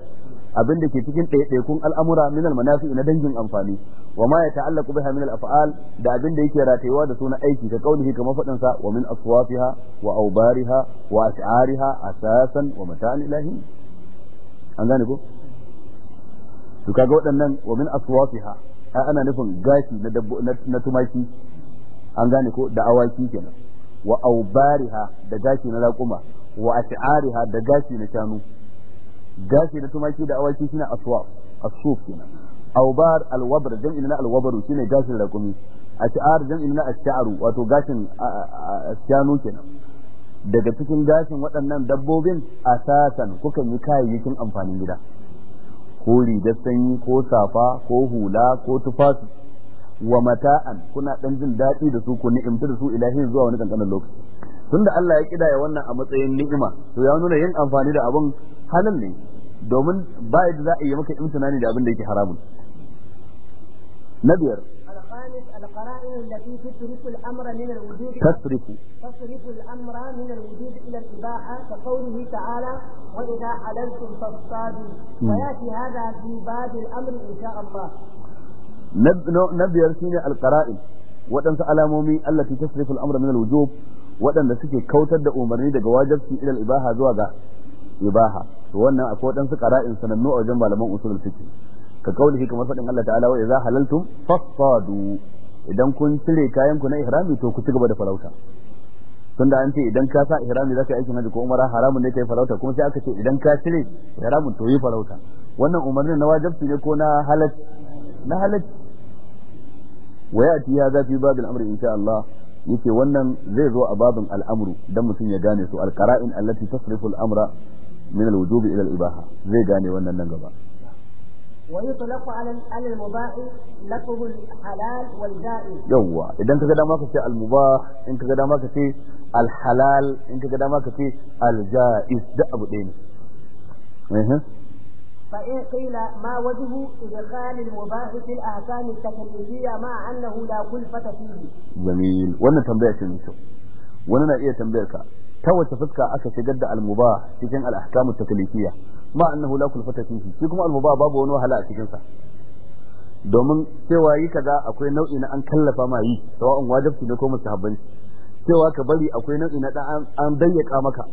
abin da ke cikin ɗaiɗaikun al'amura min al-manafi na dangin amfani wa ma yata'allaqu biha min al-af'al da abin da yake ratayewa da suna aiki ka kaulihi kamar fadin sa wa min aswafiha wa awbariha wa ash'ariha asasan wa mata'an ilahi an gane ko to kaga waɗannan wa min aswafiha ana nufin gashi na na tumaki an gane ko da awaki kenan wa aubariha da gashi na raƙuma wa ash'ariha da gashi na shanu gashi na tumaki da awaki shine aswa asuf kenan awbar alwabr jam'in na alwabru shine gashin rakumi shi'ar jam'in na ash'aru wato gashin shanu kenan daga cikin gashin waɗannan dabbobin asasan kukan yi kayayyakin amfanin gida ko rigar sanyi ko safa ko hula ko tufafi wa mata'an kuna dan jin daɗi da su ku ni'imta da su ilahi zuwa wani kankanin lokaci tunda Allah ya kidaya wannan a matsayin ni'ima to ya nuna yin amfani da abun halal ne domin ba yadda za a yi maka imtinani da abin da yake haramun na biyar الخامس القرائن التي تصرف تصرف الامر من الوجوب الى الاباحه كقوله تعالى واذا حللتم فاصطادوا وياتي هذا في باب الامر ان شاء الله نبير سيني القرائن waɗansu alamomi Allah ta tasrifu al'amura min waɗanda suke kautar da umarni daga wajabci ilal ibaha zuwa ga ibaha to wannan akwai waɗansu qara'in sanannu a wajen malaman usulul fiqh ka shi kamar fadin Allah ta'ala wa idza halaltum fasadu idan kun cire kayan ku na ihrami to ku ci gaba da farauta tunda an ce idan ka sa ihrami ka yi aikin haji ko umara haramun ne kai farauta kuma sai aka ce idan ka cire ihramin to yi farauta wannan umarnin na wajabci ne ko na halal na halal wa ya'ti hadha fi babil amri insha Allah yace wannan zai zo a babin al'amru dan mutum ya gane su alqara'in allati tasrifu al'amra min al ila al zai gane wannan nan gaba ويطلق على على المباح لفظ الحلال والجائز يوا اذا ka كده ما كتي المباح انت كده ما كتي الحلال انت كده ما كتي الجائز ده ابو فإن قيل ما وجه إدخال المباح في الأحكام التكليفية مع أنه لا كلفة فيه جميل وانا تنبيعك المشو وانا ايه تنبيعك كوى شفتك أكا شجد المباح في كان الأحكام التكليفية مع أنه لا كلفة فيه شكما المباح باب ونوها لا شكنسا domin cewa yi kaza akwai nau'i na an kallafa ma yi sawa'un wajibci ne ko mustahabbanci cewa ka bari akwai nau'i na an dayyaka maka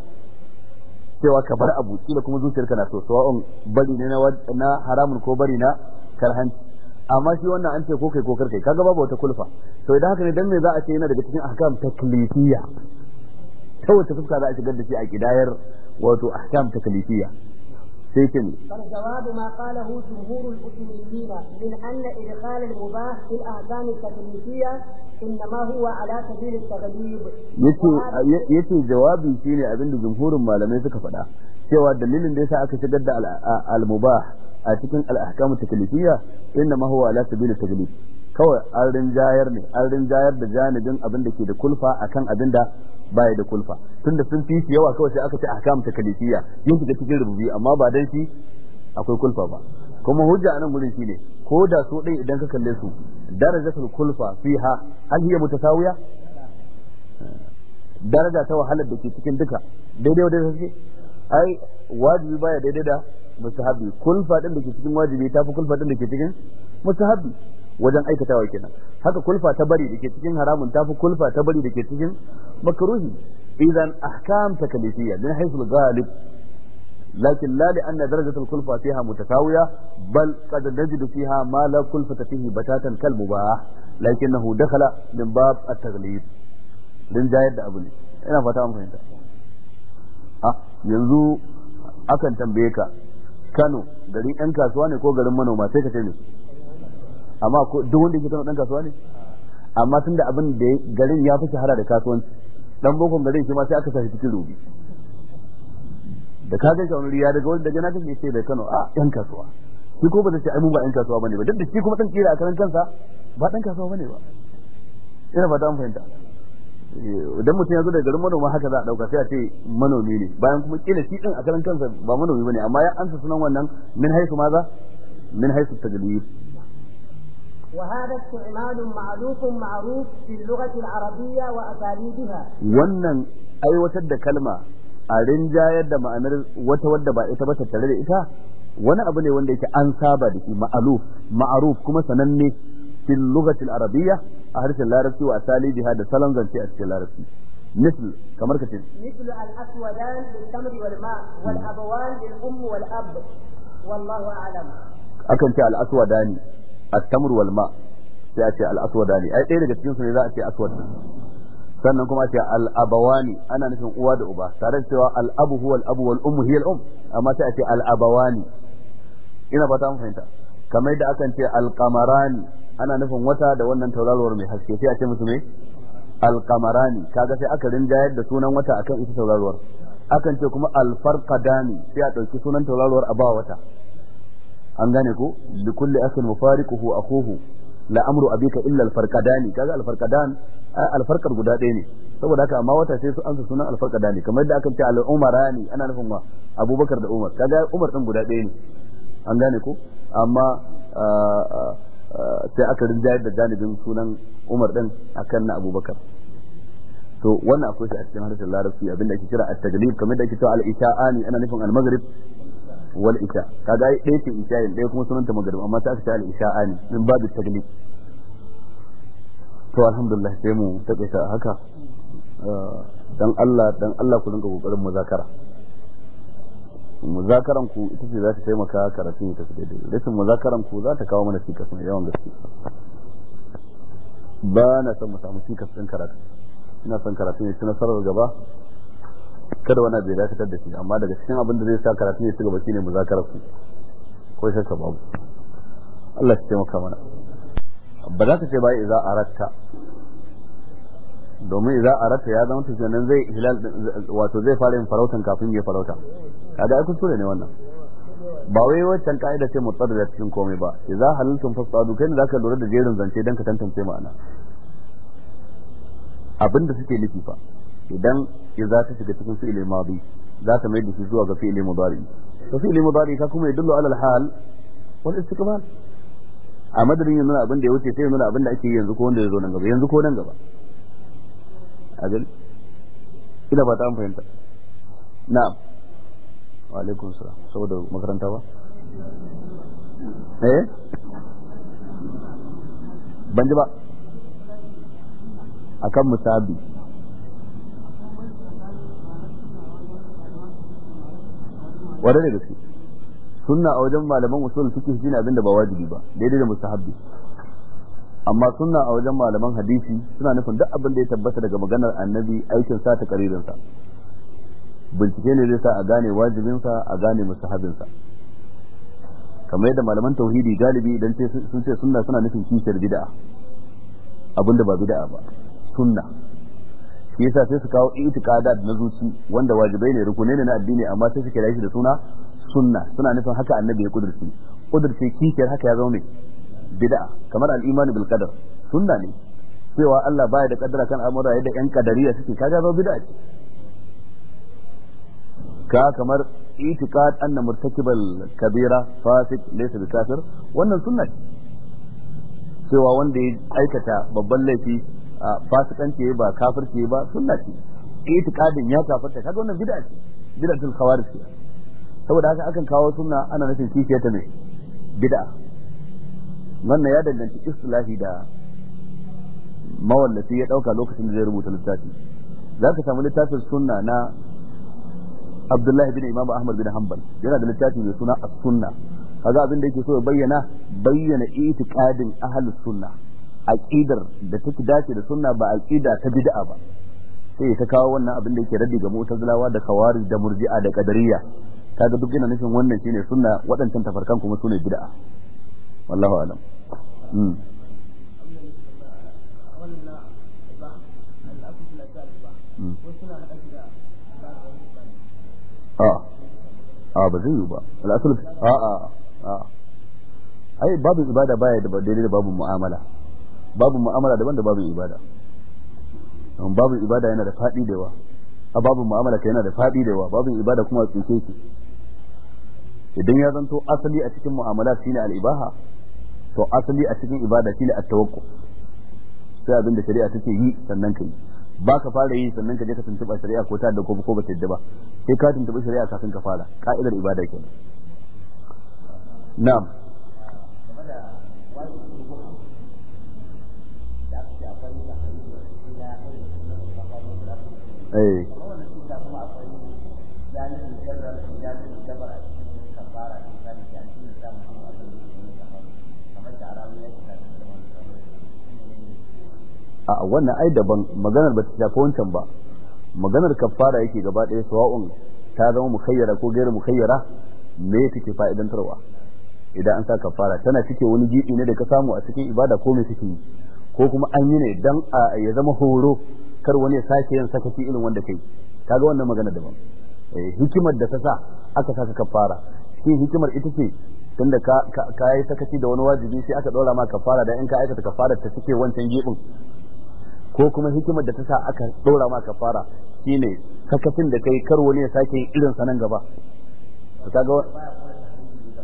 cewa ka bar abu kila kuma zuciyarka na so sawa'un bari ne na haramun ko bari na karhanci amma shi wannan an ce ko kai ko karkai kaga babu wata kulfa to idan haka ne dan me za a ce yana daga cikin ahkam taklifiya ta wata fuska za a shigar da shi a kidayar wato ahkam taklifiya sai ce ne فالجواب yace jawabi shine abinda jumhurin malamai suka faɗa cewa dalilin da yasa aka shigar da al-mubah a cikin al-ahkamu taklifiyya inma huwa ala sabil taglib kawai an rinjayar ne an rinjayar da janibin abin da ke da kulfa akan abin da baya da kulfa tunda sun fi shi yawa kawai sai aka ce ahkam kalifiya yin da cikin rububi amma ba dan shi akwai kulfa ba kuma hujja anan gurin shine ko da su dai idan ka kalle su darajatul kulfa fiha hal hiya mutasawiya daraja ta wahalar da ke cikin duka daidai wadai sai ai wajibi baya daidai da mustahabi kulfa din da ke cikin wajibi ta fi kulfa din da ke cikin mustahabi wajen aikatawa kenan haka kulfa ta bari da ke cikin haramun ta fi kulfa ta bari da ke cikin makruhi idan ahkam takalifiyya min haythu al-ghalib lakin la li anna darajat al-kulfa fiha mutatawiya bal qad najidu fiha ma la kulfata fihi batatan kal mubah lakinnahu dakhala min bab at-taghlib din jayar da abu ne ina fata an fahimta ah yanzu akan tambaye ka Kano garin 'yan kasuwa ne ko garin manoma sai ka ce ne amma duk wanda yake tana dan kasuwa ne amma tunda abin da garin ya fi shahara da kasuwanci dan bokon garin shi ma sai aka sa cikin rubi da ka ga shawar ya daga wanda gana na kace sai da Kano a yan kasuwa shi ko ba zai ce ai mu ba yan kasuwa bane ba duk da shi kuma dan kira a karan kansa ba dan kasuwa bane ba ina ba dan fahimta idan mutum ya zo daga garin manoma haka za a dauka sai a ce manomi ne bayan kuma kila shi din a karan kansa ba manomi bane amma ya ansa sunan wannan min haisu maza min haisu taglib وهذا استعمال معلوف معروف في اللغة العربية وأساليبها wannan aiwatar da kalma a rinjayar da ma'anar wata wadda ba ita ba tattare da ita wani abu ne wanda yake an saba da shi ma'aluf ma'aruf kuma sananne fil lughatil arabiyya a harshen da salon zance a cikin larabci مثل كما ركتين مثل الأسودان بالتمر والماء والأبوان للأم والأب والله أعلم أكن الأسودان at-tamr wal ma sai a ce al-aswadani ai ɗaya daga cikin su ne za a ce aswad sannan kuma sai al-abawani ana nufin uwa da uba tare da cewa al-abu huwa al-abu wal ummu hiya al-um amma sai a ce al-abawani ina fata mun fahimta kamar da akan ce al-qamarani ana nufin wata da wannan tauraruwar mai haske sai a ce musu me al-qamarani kaga sai aka rinjayar da sunan wata akan ita tauraruwar akan ce kuma al-farqadani sai a ɗauki sunan tauraruwar a ba wata an gane ko li kulli akin mufariquhu akhuhu la amru abika illa al-farqadani kaga al-farqadan al-farqar guda ɗaya ne saboda haka amma wata sai su ansa sunan al-farqadani kamar da aka ce al-umarani ana nufin wa Abubakar da Umar kaga Umar din guda ɗaya ne an gane ko amma sai aka rinjayar da janibin sunan Umar din akan na Abubakar to wannan akwai shi a cikin harshen larabci abinda ake kira at-taglib kamar da ake cewa al-isha'ani ana nufin al-maghrib wal isha kaga ai ɗaya ce isha ɗaya kuma sunan ta magrib amma ta ce al isha ani min babu taglib to alhamdulillah sai mu takaita haka eh, dan Allah dan Allah ku dinga kokarin muzakara muzakaran ku ita ce za ta taimaka karatun ta fi daidai rashin muzakaran ku za ta kawo mana cikas mai yawan gaske ba na son mu samu cikas din karatu ina son karatun ne ci nasarar gaba kada wani bai dakatar da shi amma daga cikin abin da zai sa karatu ya ci gaba shine muzakarar ku ko ka babu Allah shi taimaka mana ba za ka ce ba idan aratta domin idan aratta ya zama to nan zai hilal wato zai fara yin farautan kafin ya farauta kaga ai kusure ne wannan ba wai wancan ka'ida ce mutsar da cikin komai ba idan halaltum fasadu kai ne zaka lura da jerin zance dan ka tantance ma'ana abinda suke nufi fa idan za ta shiga cikin fi'ilin madi za ta mai da shi zuwa ga fi'ilin mudari to fi'ilin mudari ka kuma yadullu alal al-hal wal istiqbal a madadin yanzu abin da ya wuce sai yanzu abin da ake yanzu ko wanda ya zo nan gaba yanzu ko nan gaba a gani ina ba ta an fahimta na'am wa alaikum salam saboda makaranta ba eh ban ji ba akan musabi wanda ne gaske sunna a wajen malaman usul fiqh shine abin da ba wajibi ba daidai da mustahabbi amma sunna a wajen malaman hadisi suna nufin duk abin da ya tabbata daga maganar annabi aikin sa ta karirin sa bincike ne zai sa a gane wajibin sa a gane mustahabbin sa kamar yadda malaman tauhidi galibi idan sun ce sunna suna nufin kishiyar bid'a abinda ba bid'a ba sunna shi yasa sai su kawo itiqadat na zuci wanda wajibai ne rukunai ne na addini amma sai su kira shi da suna sunna suna nufin haka annabi ya kudurce kudurce kishiyar haka ya zama mai bid'a kamar al-iman bil qadar sunna ne cewa Allah baya da kaddara kan al'amura yadda yan kadariya suke kaga zo bid'a ce ka kamar itiqad anna murtakibal kabira fasik laysa bi kafir wannan sunna ce cewa wanda ya aikata babban laifi fasikanci ba kafirci ba sunna ce itiqadin ya kafirta kaga wannan bid'a ce bid'atul khawarij ce saboda haka akan kawo sunna ana nufin kishiya ta ne bid'a wannan ya danganci istilahi da mawallafi ya dauka lokacin da zai rubuta littafi zaka samu littafin sunna na Abdullahi bin Imam Ahmad bin Hanbal yana da littafi mai suna As-Sunna kaga abin da yake so ya bayyana bayyana itiqadin ahlus sunna aqidar da take dace da sunna ba aqida ta bid'a ba sai ta kawo wannan abin da yake raddi ga mu'tazilawa da khawarij da murji'a da qadariyya kaga duk ina nufin wannan shine sunna waɗancan tafarkan kuma sune bid'a wallahu alam hmm. Hmm. a ba zai yi ba al'asul a a a ai babu ibada baya da daidai da babu mu'amala babu mu'amala daban da babu ibada don babu ibada yana da faɗi da yawa a babu mu'amala ka yana da faɗi da yawa babu ibada kuma a ki idan ya zanto asali a cikin mu'amala shine al-ibaha to asali a cikin ibada shine at-tawakkul sai abin da shari'a take yi sannan ka yi ba ka fara yi sannan ka je ka tuntuɓa shari'a ko ta da ko ko ba ta yadda ba sai ka tuntuɓa shari'a kafin ka fara ka'idar ibada kenan na'am Eh. a wannan ai daban maganar ba ta shafi wancan ba maganar kafara yake gaba ɗaya sawa'un ta zama mukayyara ko gairar mukayyara me take tarwa idan an sa kafara tana cike wani jiɗi ne da ka samu a cikin ibada ko me take yi ko kuma an yi ne dan a ya zama horo kar wani ya sake yin sakaci irin wanda kai kaga wannan magana daban eh, hikimar da ta sa aka saka kafara shi hikimar ita ce tunda ka ka yi sakaci da wani wajibi sai aka dora ma kafara da in ka aikata kafara ta cike wancan gibin ko kuma hikimar da ta sa aka dora ma kafara shine sakacin da kai kar wani ya sake yin irin sanan gaba kaga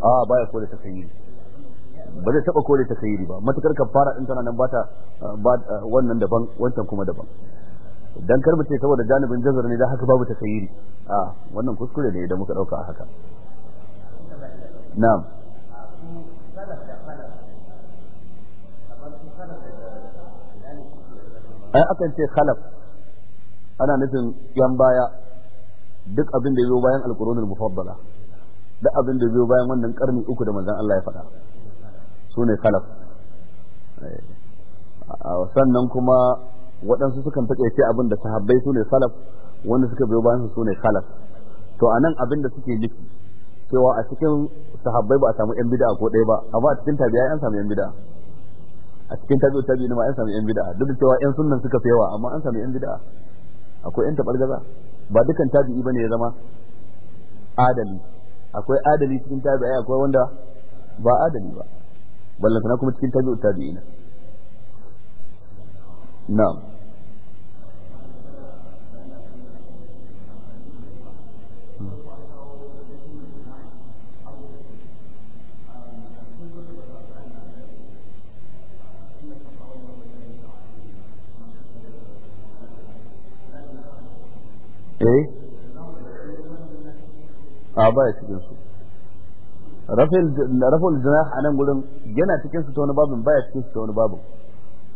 a baya ko da takayyuri ba zai taba kore takayyuri ba matukar kafara din tana nan bata wannan daban wancan kuma daban dan karba mu ce saboda janibin jazar ne dan haka babu tasayiri a wannan kuskure ne idan muka dauka haka na'am ai akan ce khalaf ana nufin yan baya duk abin da zo bayan alqur'anul mufaddala duk abin da zo bayan wannan karni uku da manzon Allah ya faɗa sune khalaf eh. sannan kuma waɗansu sukan taƙaice abin da sahabbai su ne salaf wanda suka biyo bayan su ne khalaf to anan abin da suke nufi cewa a cikin sahabbai ba a samu yan bid'a ko ɗaya ba amma a cikin tabi'a an samu yan bid'a a cikin tabi'u tabi'in ma an samu yan bid'a duk da cewa yan sunnan suka fi yawa amma an samu yan bid'a akwai yan tabargaza ba dukkan tabi'i bane ya zama adali akwai adali cikin tabi'a akwai wanda ba adali ba ballantana kuma cikin tabi'u tabi'ina na'am eh a baya cikin su rafin jinah a nan gurin yana cikin su ta wani babin baya cikin su ta wani babin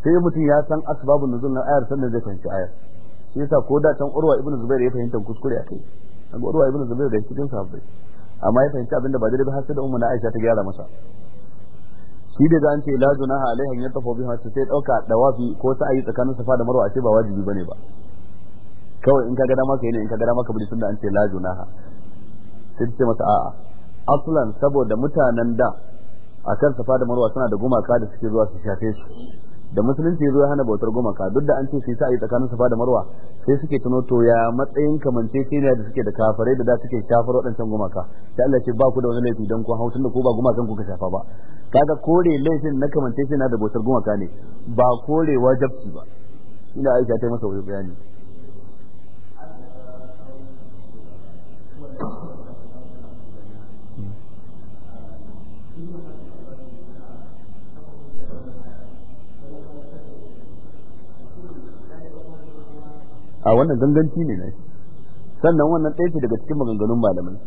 sai mutum ya san asbabun nuzul na ayar sannan zai fahimci ayar shi yasa ko da can urwa ibnu zubair ya fahimta kuskure kai kaga urwa ibnu zubair da cikin sahabbai amma ya fahimci abinda ba daidai ba har sai da ummu na aisha ta gyara masa shi da zan ce la junaha alaihi ya tafu biha ta sai dauka dawafi ko sa'ayi tsakanin safa da marwa ashe ba wajibi bane ba kawai in ka ga dama kai ne in ka ga dama ka bi sunna an ce la junaha sai ta ce masa a'a aslan saboda mutanen da akan safa da marwa suna da gumaka da suke zuwa su shafe su da musulunci ya zo ya hana bautar gumaka duk da an ce sai yi tsakanin safa da marwa sai suke tuno to ya matsayin ne da suke da kafare da da suke shafar waɗancan gumaka sai Allah ce ba ku da wani laifi dan ku hausun da ku ba gumakan ku ka shafa ba kaga kore laifin na na da bautar gumaka ne ba kore wajabci ba ina Aisha ta masa bayani a wannan ganganci ne nashi sannan wannan ɗaya ce daga cikin maganganun malamai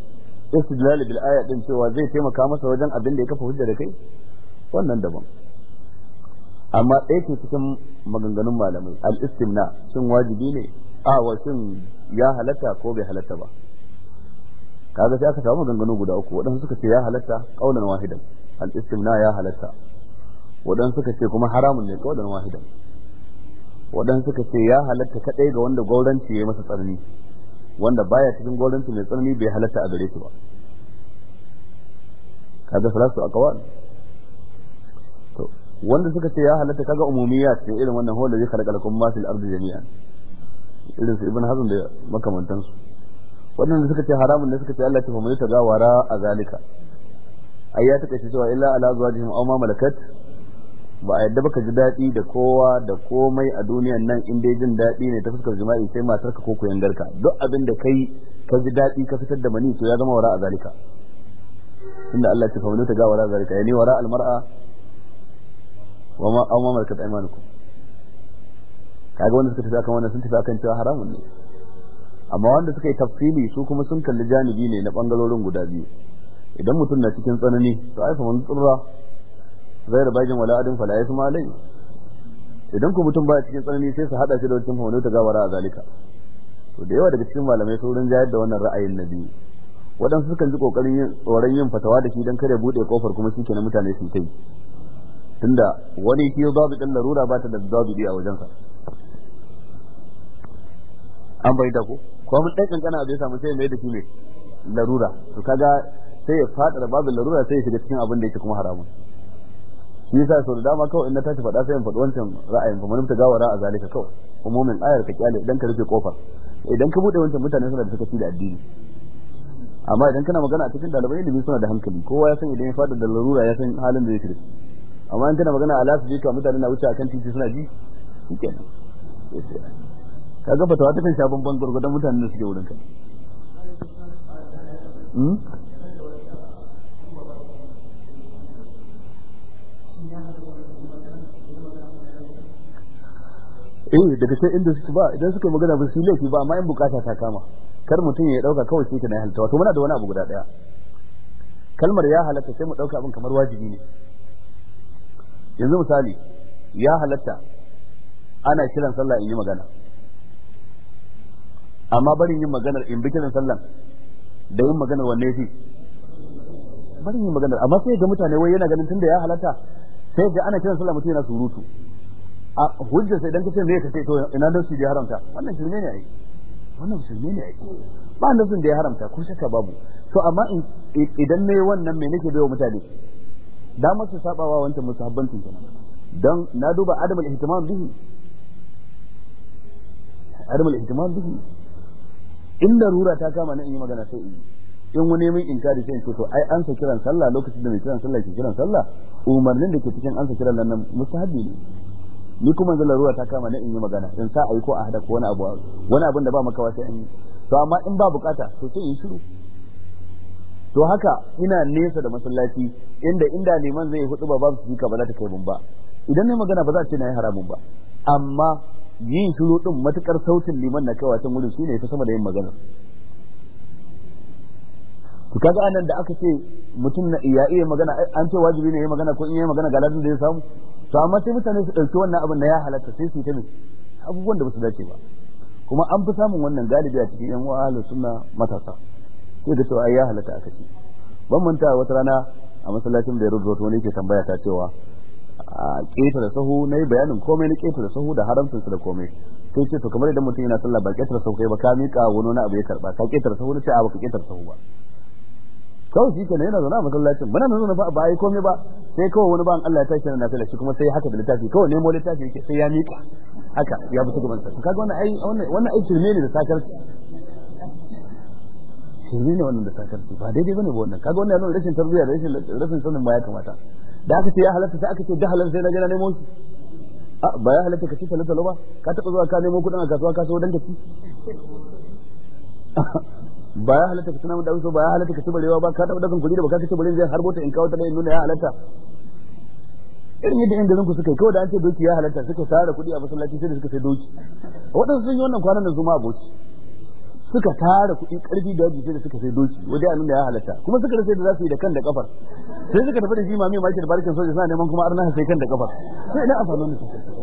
istidlal bil aya din cewa zai taimaka masa wajen abin da ya kafa hujja da kai wannan daban amma ɗaya ce cikin maganganun malamai al istimna shin wajibi ne a wa shin ya halatta ko bai halatta ba kaga sai aka samu maganganu guda uku waɗansu suka ce ya halatta kaulan wahidan al istimna ya halatta waɗansu suka ce kuma haramun ne kaulan wahidan waɗansu suka ce ya halatta kaɗai ga wanda gauranci ya yi masa tsanani wanda baya cikin gauranci mai tsanani bai halatta a gare su ba kaga salasu aqwal to wanda suka ce ya halatta kaga umumiyat ne irin wannan da zai khalaqa lakum ma fil ardi jami'an irin su ibn hazm da makamantansu waɗanda suka ce haramun ne suka ce Allah ce fa mai ta gawara a zalika ai ya take shi cewa illa ala azwajihim aw ma malakat ba a yadda baka ji daɗi da kowa da komai a duniyan nan in dai jin daɗi ne ta fuskar jima'i sai matarka ko koyan garka duk abin da kai ka ji daɗi ka fitar da mani to ya zama wara a zalika inda Allah ce famanu ta ga wara a zalika yani wara almar'a wa ma amma malakat aymanukum kaga wanda suka tafi akan wannan sun tafi akan cewa haramun ne amma wanda suka yi tafsili su kuma sun kalli janibi ne na bangalorin guda biyu idan mutum na cikin tsanani to ai famanu tsirra zaira bagin wala adin fala yasu malai idan ku mutum ba cikin tsanani sai su hada shi da wancan hono ta gawara a zalika to da yawa daga cikin malamai saurin jayar da wannan ra'ayin na biyu waɗansu sukan ji kokarin yin tsoron yin fatawa da shi dan kare bude kofar kuma shi kenan mutane su kai tunda wani shi zabi din larura ba ta da zabi a wajensa an da ku ko mun dai kankana abin samu sai mai da shi ne larura to kaga sai ya fada da babu larura sai ya shiga cikin abin da yake kuma haramun shi yasa sau da dama kawai in na tashi faɗa sai in faɗi wancan ra'ayin fa manimta gawara a zalika kawai umumin ayar ka kyale idan ka rufe kofar idan ka bude wancan mutane suna da ci da addini amma idan kana magana a cikin dalibai ilimi suna da hankali kowa ya san idan ya fada da larura ya san halin da ya shirya amma in kana magana a lasu jika mutane na wuce akan titi suna ji ka kaga fatawa ta kan shafin ban gurgurdan mutanen da suke wurin ka hmm? eh daga sai inda suke ba idan suka magana ba su laifi ba amma in bukata ta kama kar mutum ya dauka kawai shi na halitta wato muna da wani abu guda daya kalmar ya halatta sai mu dauka abin kamar wajibi ne yanzu misali ya halatta ana kiran sallah in yi magana amma barin yin maganar in bi kiran sallah da yin maganar wanne fi barin yin maganar amma sai ga mutane wai yana ganin tunda ya halatta sai ga ana kiran sallah mutum yana surutu a hujjar sai dan kace me kace to ina dan su da haramta wannan shirme ne ai wannan shirme ne ai ba nan sun da ya haramta ko shaka babu to amma idan ne wannan me nake bayo mutane da su sabawa wancan musahabbancin kenan dan na duba adam al-ihtimam bihi adam al-ihtimam bihi inda rura ta kama na in yi magana sai in yi in wani mai in kare sai in ce to ai an sa kiran sallah lokacin da mai kiran sallah ke kiran sallah umarnin da ke cikin an sa kiran nan mustahabi ne ni kuma zan larura ta kama na in yi magana in sa yi ko a hada ko wani abu wani abin da ba makawa sai an yi to amma in ba bukata to sai in shiru to haka ina nesa da masallaci inda inda neman zai hudu ba babu sika ba za ta kai mun ba idan ne magana ba za ce na yi haramun ba amma yin shiru din matukar sautin liman na kaiwa can wurin shine ta sama da yin magana to kaga anan da aka ce mutum na iya iya magana an ce wajibi ne ya magana ko in ya magana ga da ya samu to amma sai mutane su ɗauki wannan abin da ya halatta sai su yi ta ne abubuwan da ba su dace ba kuma an fi samun wannan galibi a cikin yan wahala suna matasa sai da cewa ya halatta aka ce ban manta wata rana a masallacin da ya rubuta wani ke tambaya ta cewa a ƙetare sahu na yi bayanin komai na ƙetare sahu da su da komai sai ce to kamar idan mutum yana sallah ba ƙetare sahu kai ba ka miƙa wani na abu ya karɓa ka ƙetare sahu na ce a ba ka ƙetare sahu ba kawai shi kenan yana zaune a masallacin muna nan zaune ba a yi komai ba sai kawai wani ban Allah ya tashi na nafila shi kuma sai haka da littafi kawai nemo littafi yake sai ya mika haka ya bi gaban sa kaga wannan ai wannan wannan ai shirme ne da sakarci shirme ne wannan da sakarci ba daidai bane ba wannan kaga wannan yana rashin tarbiyya rashin rashin sanin ma ya kamata da aka ce ya halatta sai aka ce da halal sai na gina nemo shi a ba ya halatta ka ci talo ba ka taba zuwa ka nemo kudin a kasuwa ka so dan ka ci ba ya halatta ka tuna da ba ya halatta ka ci barewa ba ka taɓa ɗaukan kuɗi da ba ka ci barewa zai harbo ta in kawo ta da nuna ya halatta irin yadda yan garin ku suka yi kawai da an ce doki ya halatta suka tara kuɗi a masallaci sai da suka sai doki waɗansu sun yi wannan kwanan da zuma ma suka tara kuɗi ƙarfi da yaji sai da suka sai doki wajen a nuna ya halatta kuma suka rasa da za su yi da kan da kafar sai suka tafi da shi mamiyar maki da barkin soja suna neman kuma arna sai kan da kafar sai ina amfani da su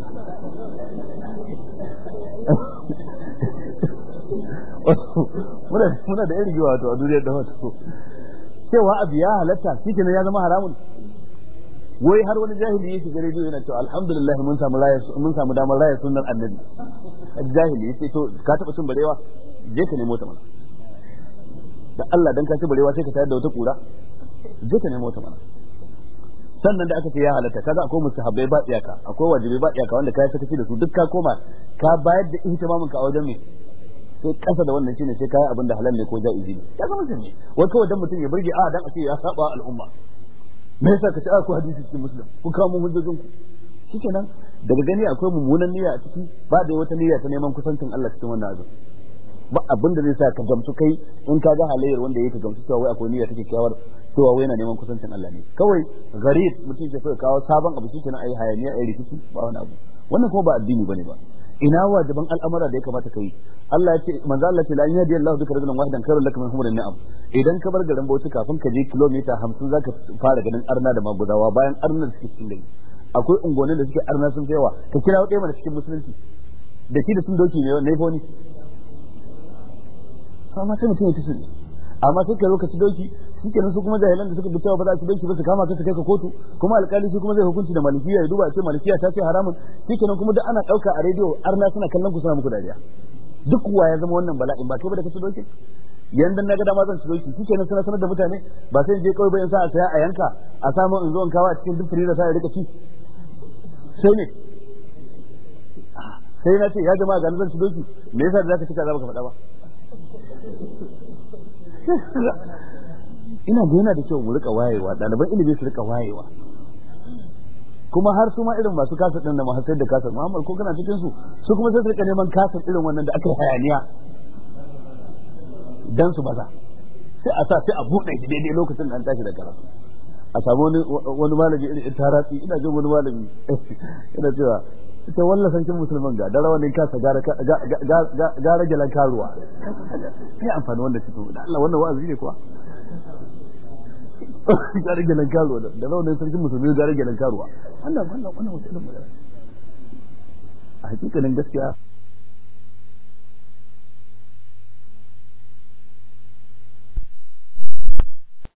muna da irin wato a duniyar da wato cewa abu ya halatta shike ya zama haramun wai har wani jahili ya shiga rediyo yana cewa alhamdulillah mun samu raya mun samu damar rayar sunnar annabi jahili ya ce to ka taba cin barewa je ka nemo ta mana da Allah dan ka ci barewa sai ka tayar da wata kura je ka nemo ta mana sannan da aka ce ya halatta kaga akwai mustahabbai ba iyaka akwai wajibi ba iyaka wanda yi sakaci da su duk ka koma ka bayar da ihtimamin ka a wajen mai sai kasa da wannan shine sai kai abin da halal ne ko jaizi ne ya zama shirme wai kawai dan mutum ya burge a ah, dan a ce ya saba al'umma me yasa ka ci a ko hadisi cikin muslim ku kawo mun hujjojin ku shikenan daga gani akwai mummunan niyya a ciki ba da wata niyya ta neman kusancin Allah cikin wannan azu ba abin da zai sa ka gamsu kai in ka ga halayyar wanda yake gamsu cewa wai akwai niyya take kyawar cewa wai yana neman kusancin Allah ne kawai gharib mutum ke so ya kawo sabon abu shikenan ayi hayaniya ayi rikici ba wani abu wannan kuma ba addini bane ba ina wajiban al'amura da ya kamata kai Allah ya ce manzo Allah ce la yahdi Allah duka rajulan wahidan karul lakum min ni'am idan ka bar garin Bauchi kafin ka je kilomita 50 zaka fara ganin arna da maguzawa bayan arna da suke cikin gari akwai ungonin da suke arna sun fi yawa ka kira wata mana cikin musulunci da shi da sun doki ne ne fa amma sai mutum ya tusu amma sai ka zo ka ci doki shikenan su kuma jahilan da suka bi cewa ba za su banki ba su kama ka su kai ka kotu kuma alƙali shi kuma zai hukunci da malikiya ya duba ce malikiya ta ce haramun shikenan kuma duk ana ɗauka a rediyo arna suna kallon ku suna muku dariya duk wa ya zama wannan bala'in ba kai ba da kace doki yandan na ga dama zan ci doki shikenan suna sanar da mutane ba sai je kawai ba in sa a saya a yanka a samu in zo in kawo a cikin duk da ta rika ci sai ne sai na ce ya jama'a ga zan ci doki me yasa da zaka ci ba ka faɗa ba ina da yana da kyau mu rika wayewa ɗaliban ilimi su rika wayewa kuma har su ma irin masu kasar ɗin da masu sayar da kasar muhammad ko kana cikin su su kuma sai su rika neman kasar irin wannan da aka yi hayaniya dan su baza sai a sa sai a buɗe shi daidai lokacin da an tashi da karatu a samu wani malami irin taratsi ina jin wani malami ina cewa ita wallah sankin musulman ga dara ne kasa gara galan karuwa ya amfani wanda fito da Allah wannan wa'azi ne kuwa ga rage nan karuwa da raunin sarkin musulmi ga rage nan karuwa wannan wannan wannan wata irin a hakikanin gaskiya